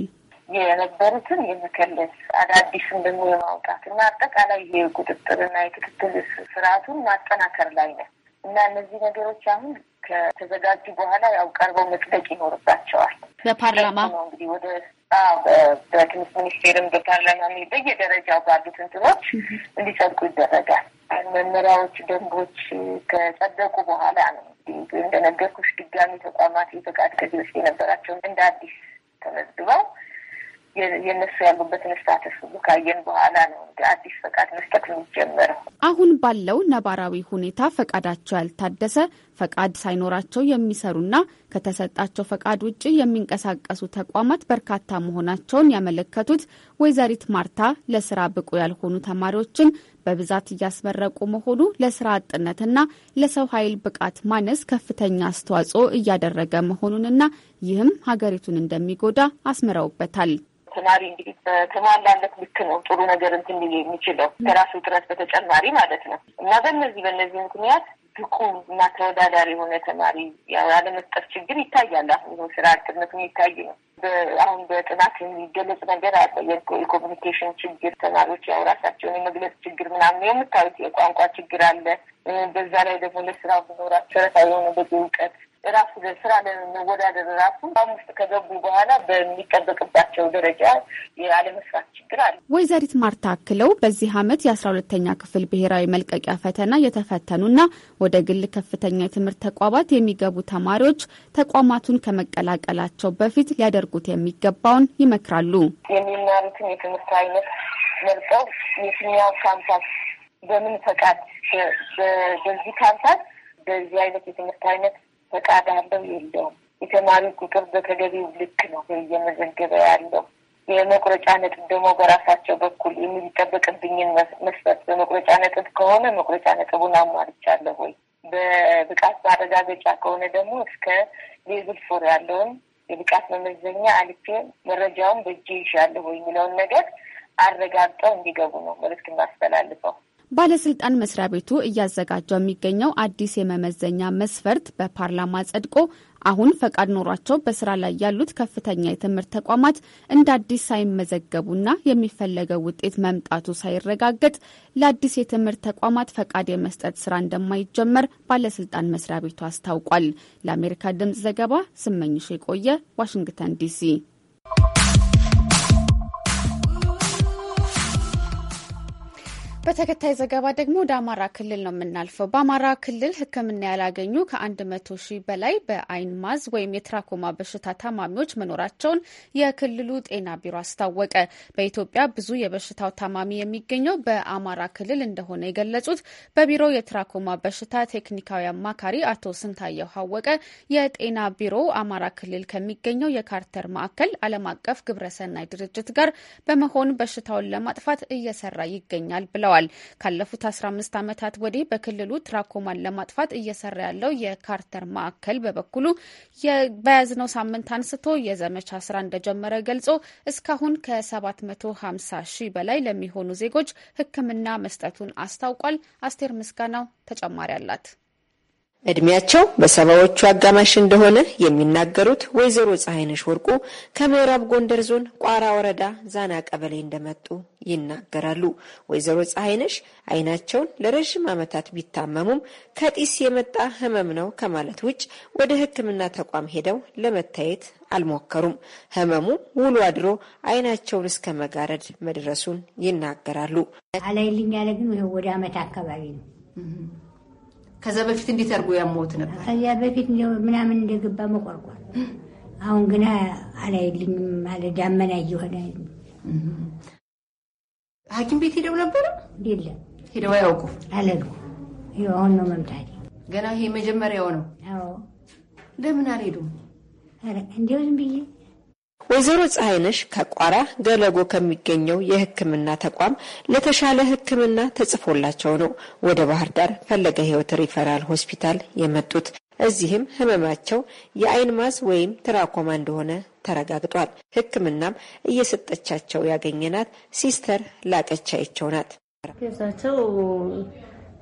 Speaker 5: የነበሩትን የመከለስ አዳዲስን ደግሞ የማውጣት እና አጠቃላይ ይሄ የክትትል ስርዓቱን ማጠናከር ላይ ነው እና እነዚህ ነገሮች አሁን ከተዘጋጁ በኋላ ያው ቀርበው መጽደቅ ይኖርባቸዋል። በፓርላማ እንግዲህ ወደ በትምህርት ሚኒስቴርም በፓርላማ በየደረጃው ባሉት እንትኖች እንዲጸድቁ ይደረጋል። መመሪያዎች፣ ደንቦች ከጸደቁ በኋላ ነው እንደነገርኩሽ ድጋሚ ተቋማት የፈቃድ ከዚህ በፊት የነበራቸውን እንደ አዲስ ተመዝግበው የእነሱ ያሉበትን ስታተስ ሁሉ ካየን በኋላ ነው አዲስ ፈቃድ መስጠት የሚጀመረው።
Speaker 1: አሁን ባለው ነባራዊ ሁኔታ ፈቃዳቸው ያልታደሰ ፈቃድ ሳይኖራቸው የሚሰሩና ከተሰጣቸው ፈቃድ ውጭ የሚንቀሳቀሱ ተቋማት በርካታ መሆናቸውን ያመለከቱት ወይዘሪት ማርታ ለስራ ብቁ ያልሆኑ ተማሪዎችን በብዛት እያስመረቁ መሆኑ ለስራ አጥነትና ለሰው ኃይል ብቃት ማነስ ከፍተኛ አስተዋጽኦ እያደረገ መሆኑንና ይህም ሀገሪቱን እንደሚጎዳ አስምረውበታል።
Speaker 5: ተማሪ እንግዲህ በተሟላለት ልክ ነው ጥሩ ነገር እንትን የሚችለው ከራሱ ጥረት በተጨማሪ ማለት ነው እና በእነዚህ በእነዚህ ምክንያት ብቁ እና ተወዳዳሪ የሆነ ተማሪ ያለመፍጠር ችግር ይታያል። አሁን ስራ አጥነት የሚታይ ነው። አሁን በጥናት የሚገለጽ ነገር አለ። የኮሚኒኬሽን ችግር ተማሪዎች ያው ራሳቸውን የመግለጽ ችግር ምናምን የምታዩት የቋንቋ ችግር አለ። በዛ ላይ ደግሞ ለስራ ብኖራቸው ረታ የሆነ በቂ እውቀት ራሱ ስራ ለመወዳደር ራሱ ውስጥ ከገቡ በኋላ በሚጠበቅባቸው ደረጃ የአለመስራት ችግር አለ።
Speaker 1: ወይዘሪት ማርታ አክለው በዚህ አመት የአስራ ሁለተኛ ክፍል ብሔራዊ መልቀቂያ ፈተና የተፈተኑና ወደ ግል ከፍተኛ የትምህርት ተቋማት የሚገቡ ተማሪዎች ተቋማቱን ከመቀላቀላቸው በፊት ሊያደርጉት የሚገባውን ይመክራሉ።
Speaker 5: የሚማሩትን የትምህርት አይነት መርጠው የትኛው ካምፓስ በምን ፈቃድ በዚህ ካምፓስ በዚህ አይነት የትምህርት አይነት ፈቃድ አለው የለውም። የተማሪ ቁጥር በተገቢው ልክ ነው እየመዘገበ ያለው። የመቁረጫ ነጥብ ደግሞ በራሳቸው በኩል የሚጠበቅብኝን መስፈርት በመቁረጫ ነጥብ ከሆነ መቁረጫ ነጥቡን አሟልቻለሁ ወይ፣ በብቃት ማረጋገጫ ከሆነ ደግሞ እስከ ሌቭል ፎር ያለውን የብቃት መመዘኛ አልፌ መረጃውን በእጅ ይዣለሁ ወይ የሚለውን ነገር አረጋግጠው እንዲገቡ ነው መልዕክት የማስተላልፈው።
Speaker 1: ባለስልጣን መስሪያ ቤቱ እያዘጋጀው የሚገኘው አዲስ የመመዘኛ መስፈርት በፓርላማ ጸድቆ አሁን ፈቃድ ኖሯቸው በስራ ላይ ያሉት ከፍተኛ የትምህርት ተቋማት እንደ አዲስ ሳይመዘገቡና የሚፈለገው ውጤት መምጣቱ ሳይረጋገጥ ለአዲስ የትምህርት ተቋማት ፈቃድ የመስጠት ስራ እንደማይጀመር ባለስልጣን መስሪያ ቤቱ አስታውቋል። ለአሜሪካ ድምጽ ዘገባ ስመኝሽ የቆየ ዋሽንግተን ዲሲ። በተከታይ ዘገባ ደግሞ ወደ አማራ ክልል ነው የምናልፈው። በአማራ ክልል ሕክምና ያላገኙ ከአንድ መቶ ሺህ በላይ በአይን ማዝ ወይም የትራኮማ በሽታ ታማሚዎች መኖራቸውን የክልሉ ጤና ቢሮ አስታወቀ። በኢትዮጵያ ብዙ የበሽታው ታማሚ የሚገኘው በአማራ ክልል እንደሆነ የገለጹት በቢሮው የትራኮማ በሽታ ቴክኒካዊ አማካሪ አቶ ስንታየው አወቀ የጤና ቢሮ አማራ ክልል ከሚገኘው የካርተር ማዕከል ዓለም አቀፍ ግብረሰናይ ድርጅት ጋር በመሆን በሽታውን ለማጥፋት እየሰራ ይገኛል ብለዋል። ብለዋል። ካለፉት 15 ዓመታት ወዲህ በክልሉ ትራኮማን ለማጥፋት እየሰራ ያለው የካርተር ማዕከል በበኩሉ በያዝነው ሳምንት አንስቶ የዘመቻ ስራ እንደጀመረ ገልጾ እስካሁን ከ750 ሺህ በላይ ለሚሆኑ ዜጎች ሕክምና መስጠቱን አስታውቋል። አስቴር ምስጋናው ተጨማሪ አላት።
Speaker 7: እድሜያቸው በሰባዎቹ አጋማሽ እንደሆነ የሚናገሩት ወይዘሮ ፀሐይነሽ ወርቁ ከምዕራብ ጎንደር ዞን ቋራ ወረዳ ዛና ቀበሌ እንደመጡ ይናገራሉ። ወይዘሮ ፀሐይነሽ አይናቸውን ለረዥም ዓመታት ቢታመሙም ከጢስ የመጣ ህመም ነው ከማለት ውጭ ወደ ሕክምና ተቋም ሄደው ለመታየት አልሞከሩም። ህመሙ ውሎ አድሮ አይናቸውን እስከ መጋረድ መድረሱን ይናገራሉ። አላይልኝ ያለ ግን ወደ ዓመት አካባቢ ነው
Speaker 4: ከዛ በፊት እንዴት አድርጎ ያሞት ነበር? ከዚያ በፊት ምናምን እንደገባ መቆርቆር። አሁን ግን አላይልኝም ማለ ዳመና እየሆነ
Speaker 7: ሐኪም ቤት ሄደው ነበረ የለም ሄደው አያውቁ አለልኩ። አሁን ነው መምጣት ገና ይሄ መጀመሪያው ነው። ለምን አልሄዱም? እንዲያው ዝም ብዬ ወይዘሮ ፀሐይነሽ ከቋራ ገለጎ ከሚገኘው የሕክምና ተቋም ለተሻለ ሕክምና ተጽፎላቸው ነው ወደ ባህር ዳር ፈለገ ሕይወት ሪፈራል ሆስፒታል የመጡት። እዚህም ህመማቸው የአይን ማዝ ወይም ትራኮማ እንደሆነ ተረጋግጧል። ሕክምናም እየሰጠቻቸው ያገኘናት ሲስተር ላቀች አይቸው ናት።
Speaker 4: ሳቸው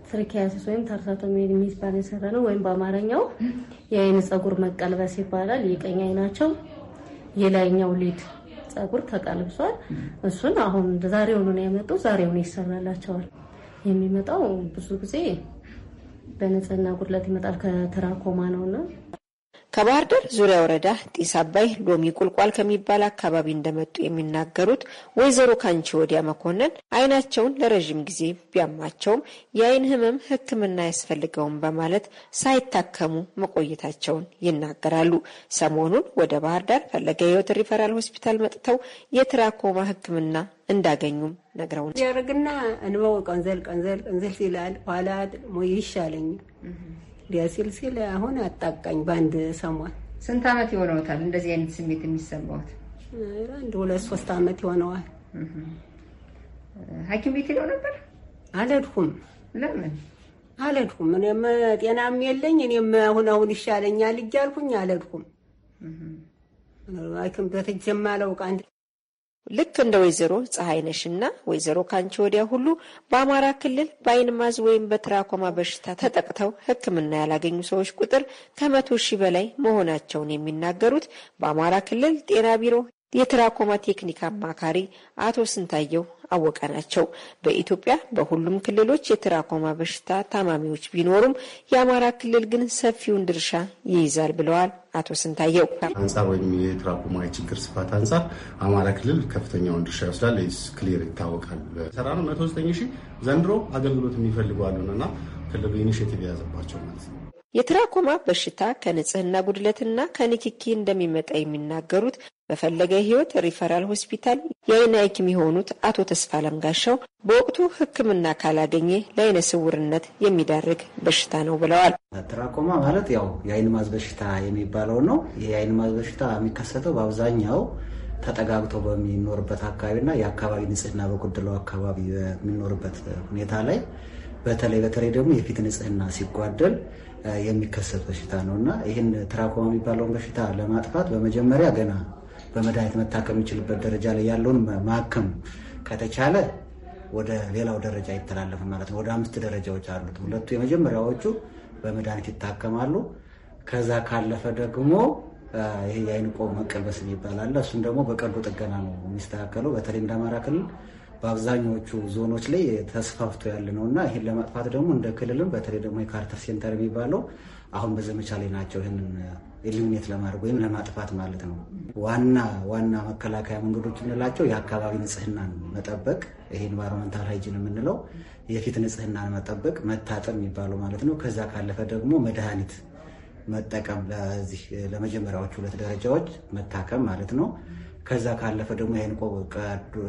Speaker 4: ትርኪያሲስ ወይም ታርሳቶሚ የሚባል የሰረ ነው ወይም በአማርኛው የአይን ጸጉር መቀልበስ ይባላል። የቀኝ አይናቸው የላይኛው ሊድ ጸጉር ተቀልብሷል። እሱን አሁን ዛሬውኑ ነው ያመጡ። ዛሬውን ይሰራላቸዋል። የሚመጣው ብዙ ጊዜ በንጽህና ጉድለት ይመጣል። ከተራኮማ ነውና
Speaker 7: ከባህር ዳር ዙሪያ ወረዳ ጢስ አባይ ሎሚ ቁልቋል ከሚባል አካባቢ እንደመጡ የሚናገሩት ወይዘሮ ካንቺ ወዲያ መኮንን አይናቸውን ለረዥም ጊዜ ቢያማቸውም የአይን ህመም ሕክምና ያስፈልገውን በማለት ሳይታከሙ መቆየታቸውን ይናገራሉ። ሰሞኑን ወደ ባህር ዳር ፈለገ ሕይወት ሪፈራል ሆስፒታል መጥተው የትራኮማ ሕክምና እንዳገኙም ነግረው ያደርግና እንበው ቀንዘል ቀንዘል ቀንዘል ሲላል ኋላ ይሻለኝ ሊያሲል ሲል አሁን አጣቃኝ በአንድ ሰሞን። ስንት አመት ይሆነውታል እንደዚህ አይነት ስሜት የሚሰማት? አንድ ሁለት ሶስት አመት ይሆነዋል። ሐኪም ቤት ሄደው ነበር? አልሄድኩም። ለምን አልሄድኩም? እኔም ጤናም የለኝ እኔም አሁን አሁን ይሻለኛል እያልኩኝ አልሄድኩም። ሐኪም ቤት ሄጄም አላውቅ ልክ እንደ ወይዘሮ ፀሐይነሽ እና ወይዘሮ ካንቺ ወዲያ ሁሉ በአማራ ክልል በአይንማዝ ወይም በትራኮማ በሽታ ተጠቅተው ሕክምና ያላገኙ ሰዎች ቁጥር ከመቶ ሺህ በላይ መሆናቸውን የሚናገሩት በአማራ ክልል ጤና ቢሮ የትራኮማ ቴክኒክ አማካሪ አቶ ስንታየው አወቀ ናቸው። በኢትዮጵያ በሁሉም ክልሎች የትራኮማ በሽታ ታማሚዎች ቢኖሩም የአማራ ክልል ግን ሰፊውን ድርሻ ይይዛል ብለዋል። አቶ ስንታየው አንጻር
Speaker 3: ወይም የትራኮማ የችግር ስፋት አንጻር አማራ ክልል ከፍተኛውን ድርሻ ይወስዳል። ክሊር ይታወቃል። ሰራ ነው መቶ ዘጠኝ ሺህ ዘንድሮ አገልግሎት የሚፈልጉ አሉንና ክልሉ ኢኒሽቲቭ የያዘባቸው ማለት ነው።
Speaker 7: የትራኮማ በሽታ ከንጽህና ጉድለትና ከንክኪ እንደሚመጣ የሚናገሩት በፈለገ ህይወት ሪፈራል ሆስፒታል የአይን ሐኪም የሆኑት አቶ ተስፋ ለምጋሻው በወቅቱ ሕክምና ካላገኘ ለአይነ ስውርነት የሚዳርግ በሽታ ነው ብለዋል።
Speaker 8: ትራኮማ ማለት ያው የአይን ማዝ በሽታ የሚባለው ነው። የአይን ማዝ በሽታ የሚከሰተው በአብዛኛው ተጠጋግቶ በሚኖርበት አካባቢና የአካባቢ ንጽህና በጎደለው አካባቢ በሚኖርበት ሁኔታ ላይ በተለይ በተለይ ደግሞ የፊት ንጽህና ሲጓደል የሚከሰት በሽታ ነው እና ይህን ትራኮማ የሚባለውን በሽታ ለማጥፋት በመጀመሪያ ገና በመድኃኒት መታከም የሚችልበት ደረጃ ላይ ያለውን ማከም ከተቻለ ወደ ሌላው ደረጃ ይተላለፍ ማለት ነው። ወደ አምስት ደረጃዎች አሉት። ሁለቱ የመጀመሪያዎቹ በመድኃኒት ይታከማሉ። ከዛ ካለፈ ደግሞ ይሄ የአይን ቆብ መቀልበስ ይባላል። እሱም ደግሞ በቀዶ ጥገና ነው የሚስተካከለው። በተለይ እንደ አማራ ክልል በአብዛኛዎቹ ዞኖች ላይ ተስፋፍቶ ያለ ነው እና ይህን ለማጥፋት ደግሞ እንደ ክልልም በተለይ ደግሞ የካርተር ሴንተር የሚባለው አሁን በዘመቻ ላይ ናቸው ይህንን ኤሊሚኔት ለማድረግ ወይም ለማጥፋት ማለት ነው። ዋና ዋና መከላከያ መንገዶች የምንላቸው የአካባቢ ንጽህናን መጠበቅ፣ ይሄ ኢንቫይሮንመንታል ሃይጂን የምንለው የፊት ንጽህናን መጠበቅ፣ መታጠብ የሚባለው ማለት ነው። ከዛ ካለፈ ደግሞ መድኃኒት መጠቀም ለዚህ ለመጀመሪያዎቹ ሁለት ደረጃዎች መታከም ማለት ነው። ከዛ ካለፈ ደግሞ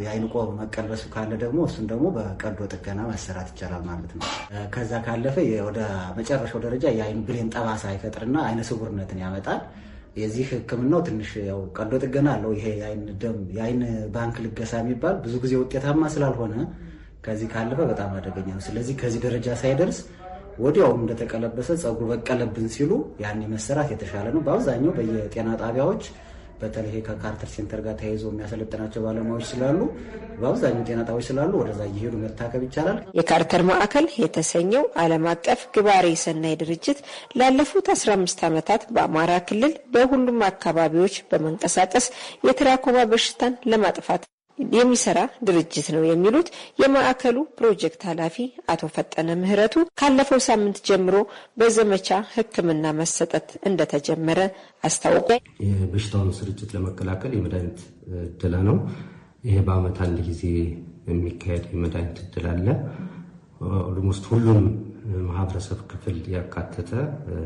Speaker 8: የአይን ቆብ መቀልበሱ ካለ ደግሞ እሱን ደግሞ በቀዶ ጥገና ማሰራት ይቻላል ማለት ነው። ከዛ ካለፈ ወደ መጨረሻው ደረጃ የአይን ብሌን ጠባሳ አይፈጥርና አይነ ስውርነትን ያመጣል። የዚህ ሕክምናው ትንሽ ያው ቀዶ ጥገና አለው። ይሄ የአይን ደም የአይን ባንክ ልገሳ የሚባል ብዙ ጊዜ ውጤታማ ስላልሆነ ከዚህ ካለፈ በጣም አደገኛ ነው። ስለዚህ ከዚህ ደረጃ ሳይደርስ ወዲያውም እንደተቀለበሰ ጸጉር በቀለብን ሲሉ ያን መሰራት የተሻለ ነው። በአብዛኛው በየጤና ጣቢያዎች በተለይ ከካርተር ሴንተር ጋር ተያይዞ የሚያሰለጥናቸው ባለሙያዎች ስላሉ በአብዛኛው ጤና ጣቢያዎች ስላሉ ወደዛ እየሄዱ መታከብ ይቻላል።
Speaker 7: የካርተር ማዕከል የተሰኘው ዓለም አቀፍ ግባሬ ሰናይ ድርጅት ላለፉት 15 ዓመታት በአማራ ክልል በሁሉም አካባቢዎች በመንቀሳቀስ የትራኮማ በሽታን ለማጥፋት የሚሰራ ድርጅት ነው የሚሉት የማዕከሉ ፕሮጀክት ኃላፊ አቶ ፈጠነ ምህረቱ ካለፈው ሳምንት ጀምሮ በዘመቻ ሕክምና መሰጠት እንደተጀመረ አስታውቋል።
Speaker 6: የበሽታውን ስርጭት ለመከላከል የመድኃኒት እድላ ነው። ይሄ በአመት አንድ ጊዜ የሚካሄድ የመድኃኒት እድል አለ። ኦልሞስት ሁሉም ማህበረሰብ ክፍል ያካተተ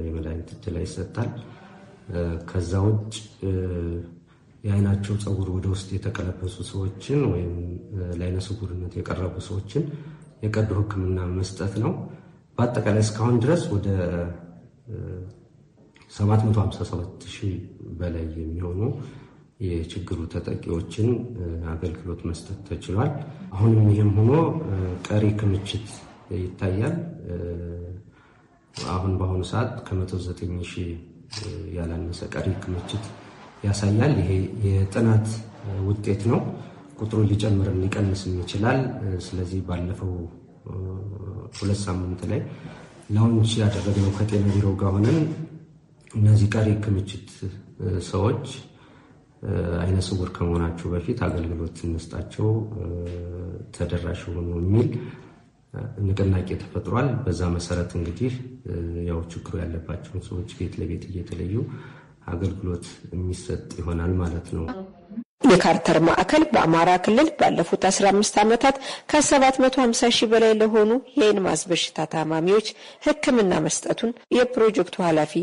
Speaker 6: የመድኃኒት እድላ ይሰጣል። ከዛ ውጭ የአይናቸው ፀጉር ወደ ውስጥ የተቀለበሱ ሰዎችን ወይም ለአይነ ስውርነት የቀረቡ ሰዎችን የቀዶ ሕክምና መስጠት ነው። በአጠቃላይ እስካሁን ድረስ ወደ 757 ሺህ በላይ የሚሆኑ የችግሩ ተጠቂዎችን አገልግሎት መስጠት ተችሏል። አሁንም ይህም ሆኖ ቀሪ ክምችት ይታያል። አሁን በአሁኑ ሰዓት ከ109 ሺህ ያላነሰ ቀሪ ክምችት ያሳያል። ይሄ የጥናት ውጤት ነው። ቁጥሩ ሊጨምርም ሊቀንስም ይችላል። ስለዚህ ባለፈው ሁለት ሳምንት ላይ ላውንች ያደረግነው ከጤና ቢሮ ጋር ሆነን እነዚህ ቀሪ ክምችት ሰዎች አይነ ስውር ከመሆናቸው በፊት አገልግሎት እንስጣቸው፣ ተደራሽ ሆኑ የሚል ንቅናቄ ተፈጥሯል። በዛ መሰረት እንግዲህ ያው ችግሩ ያለባቸውን ሰዎች ቤት ለቤት እየተለዩ አገልግሎት የሚሰጥ ይሆናል ማለት ነው።
Speaker 7: የካርተር ማዕከል በአማራ ክልል ባለፉት 15 ዓመታት ከ750 ሺህ በላይ ለሆኑ የኤልማስ በሽታ ታማሚዎች ሕክምና መስጠቱን የፕሮጀክቱ ኃላፊ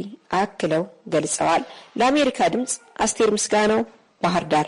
Speaker 7: አክለው ገልጸዋል። ለአሜሪካ ድምፅ አስቴር ምስጋናው ባህር ዳር።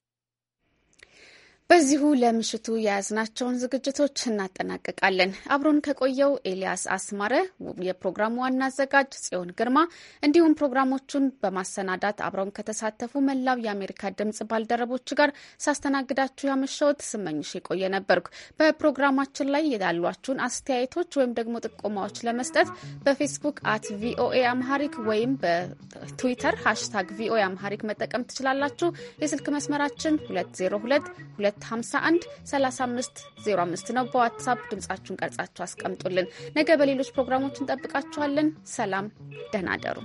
Speaker 1: በዚሁ ለምሽቱ የያዝናቸውን ዝግጅቶች እናጠናቅቃለን። አብሮን ከቆየው ኤልያስ አስማረ፣ የፕሮግራሙ ዋና አዘጋጅ ጽዮን ግርማ እንዲሁም ፕሮግራሞቹን በማሰናዳት አብረውን ከተሳተፉ መላው የአሜሪካ ድምጽ ባልደረቦች ጋር ሳስተናግዳችሁ ያመሸወት ስመኝሽ የቆየ ነበርኩ። በፕሮግራማችን ላይ ያሏችሁን አስተያየቶች ወይም ደግሞ ጥቆማዎች ለመስጠት በፌስቡክ አት ቪኦኤ አምሃሪክ ወይም በትዊተር ሃሽታግ ቪኦኤ አምሃሪክ መጠቀም ትችላላችሁ። የስልክ መስመራችን 202 251 ነው። በዋትሳፕ ድምጻችሁን ቀርጻችሁ አስቀምጡልን። ነገ በሌሎች ፕሮግራሞች እንጠብቃችኋለን። ሰላም፣ ደህና አደሩ።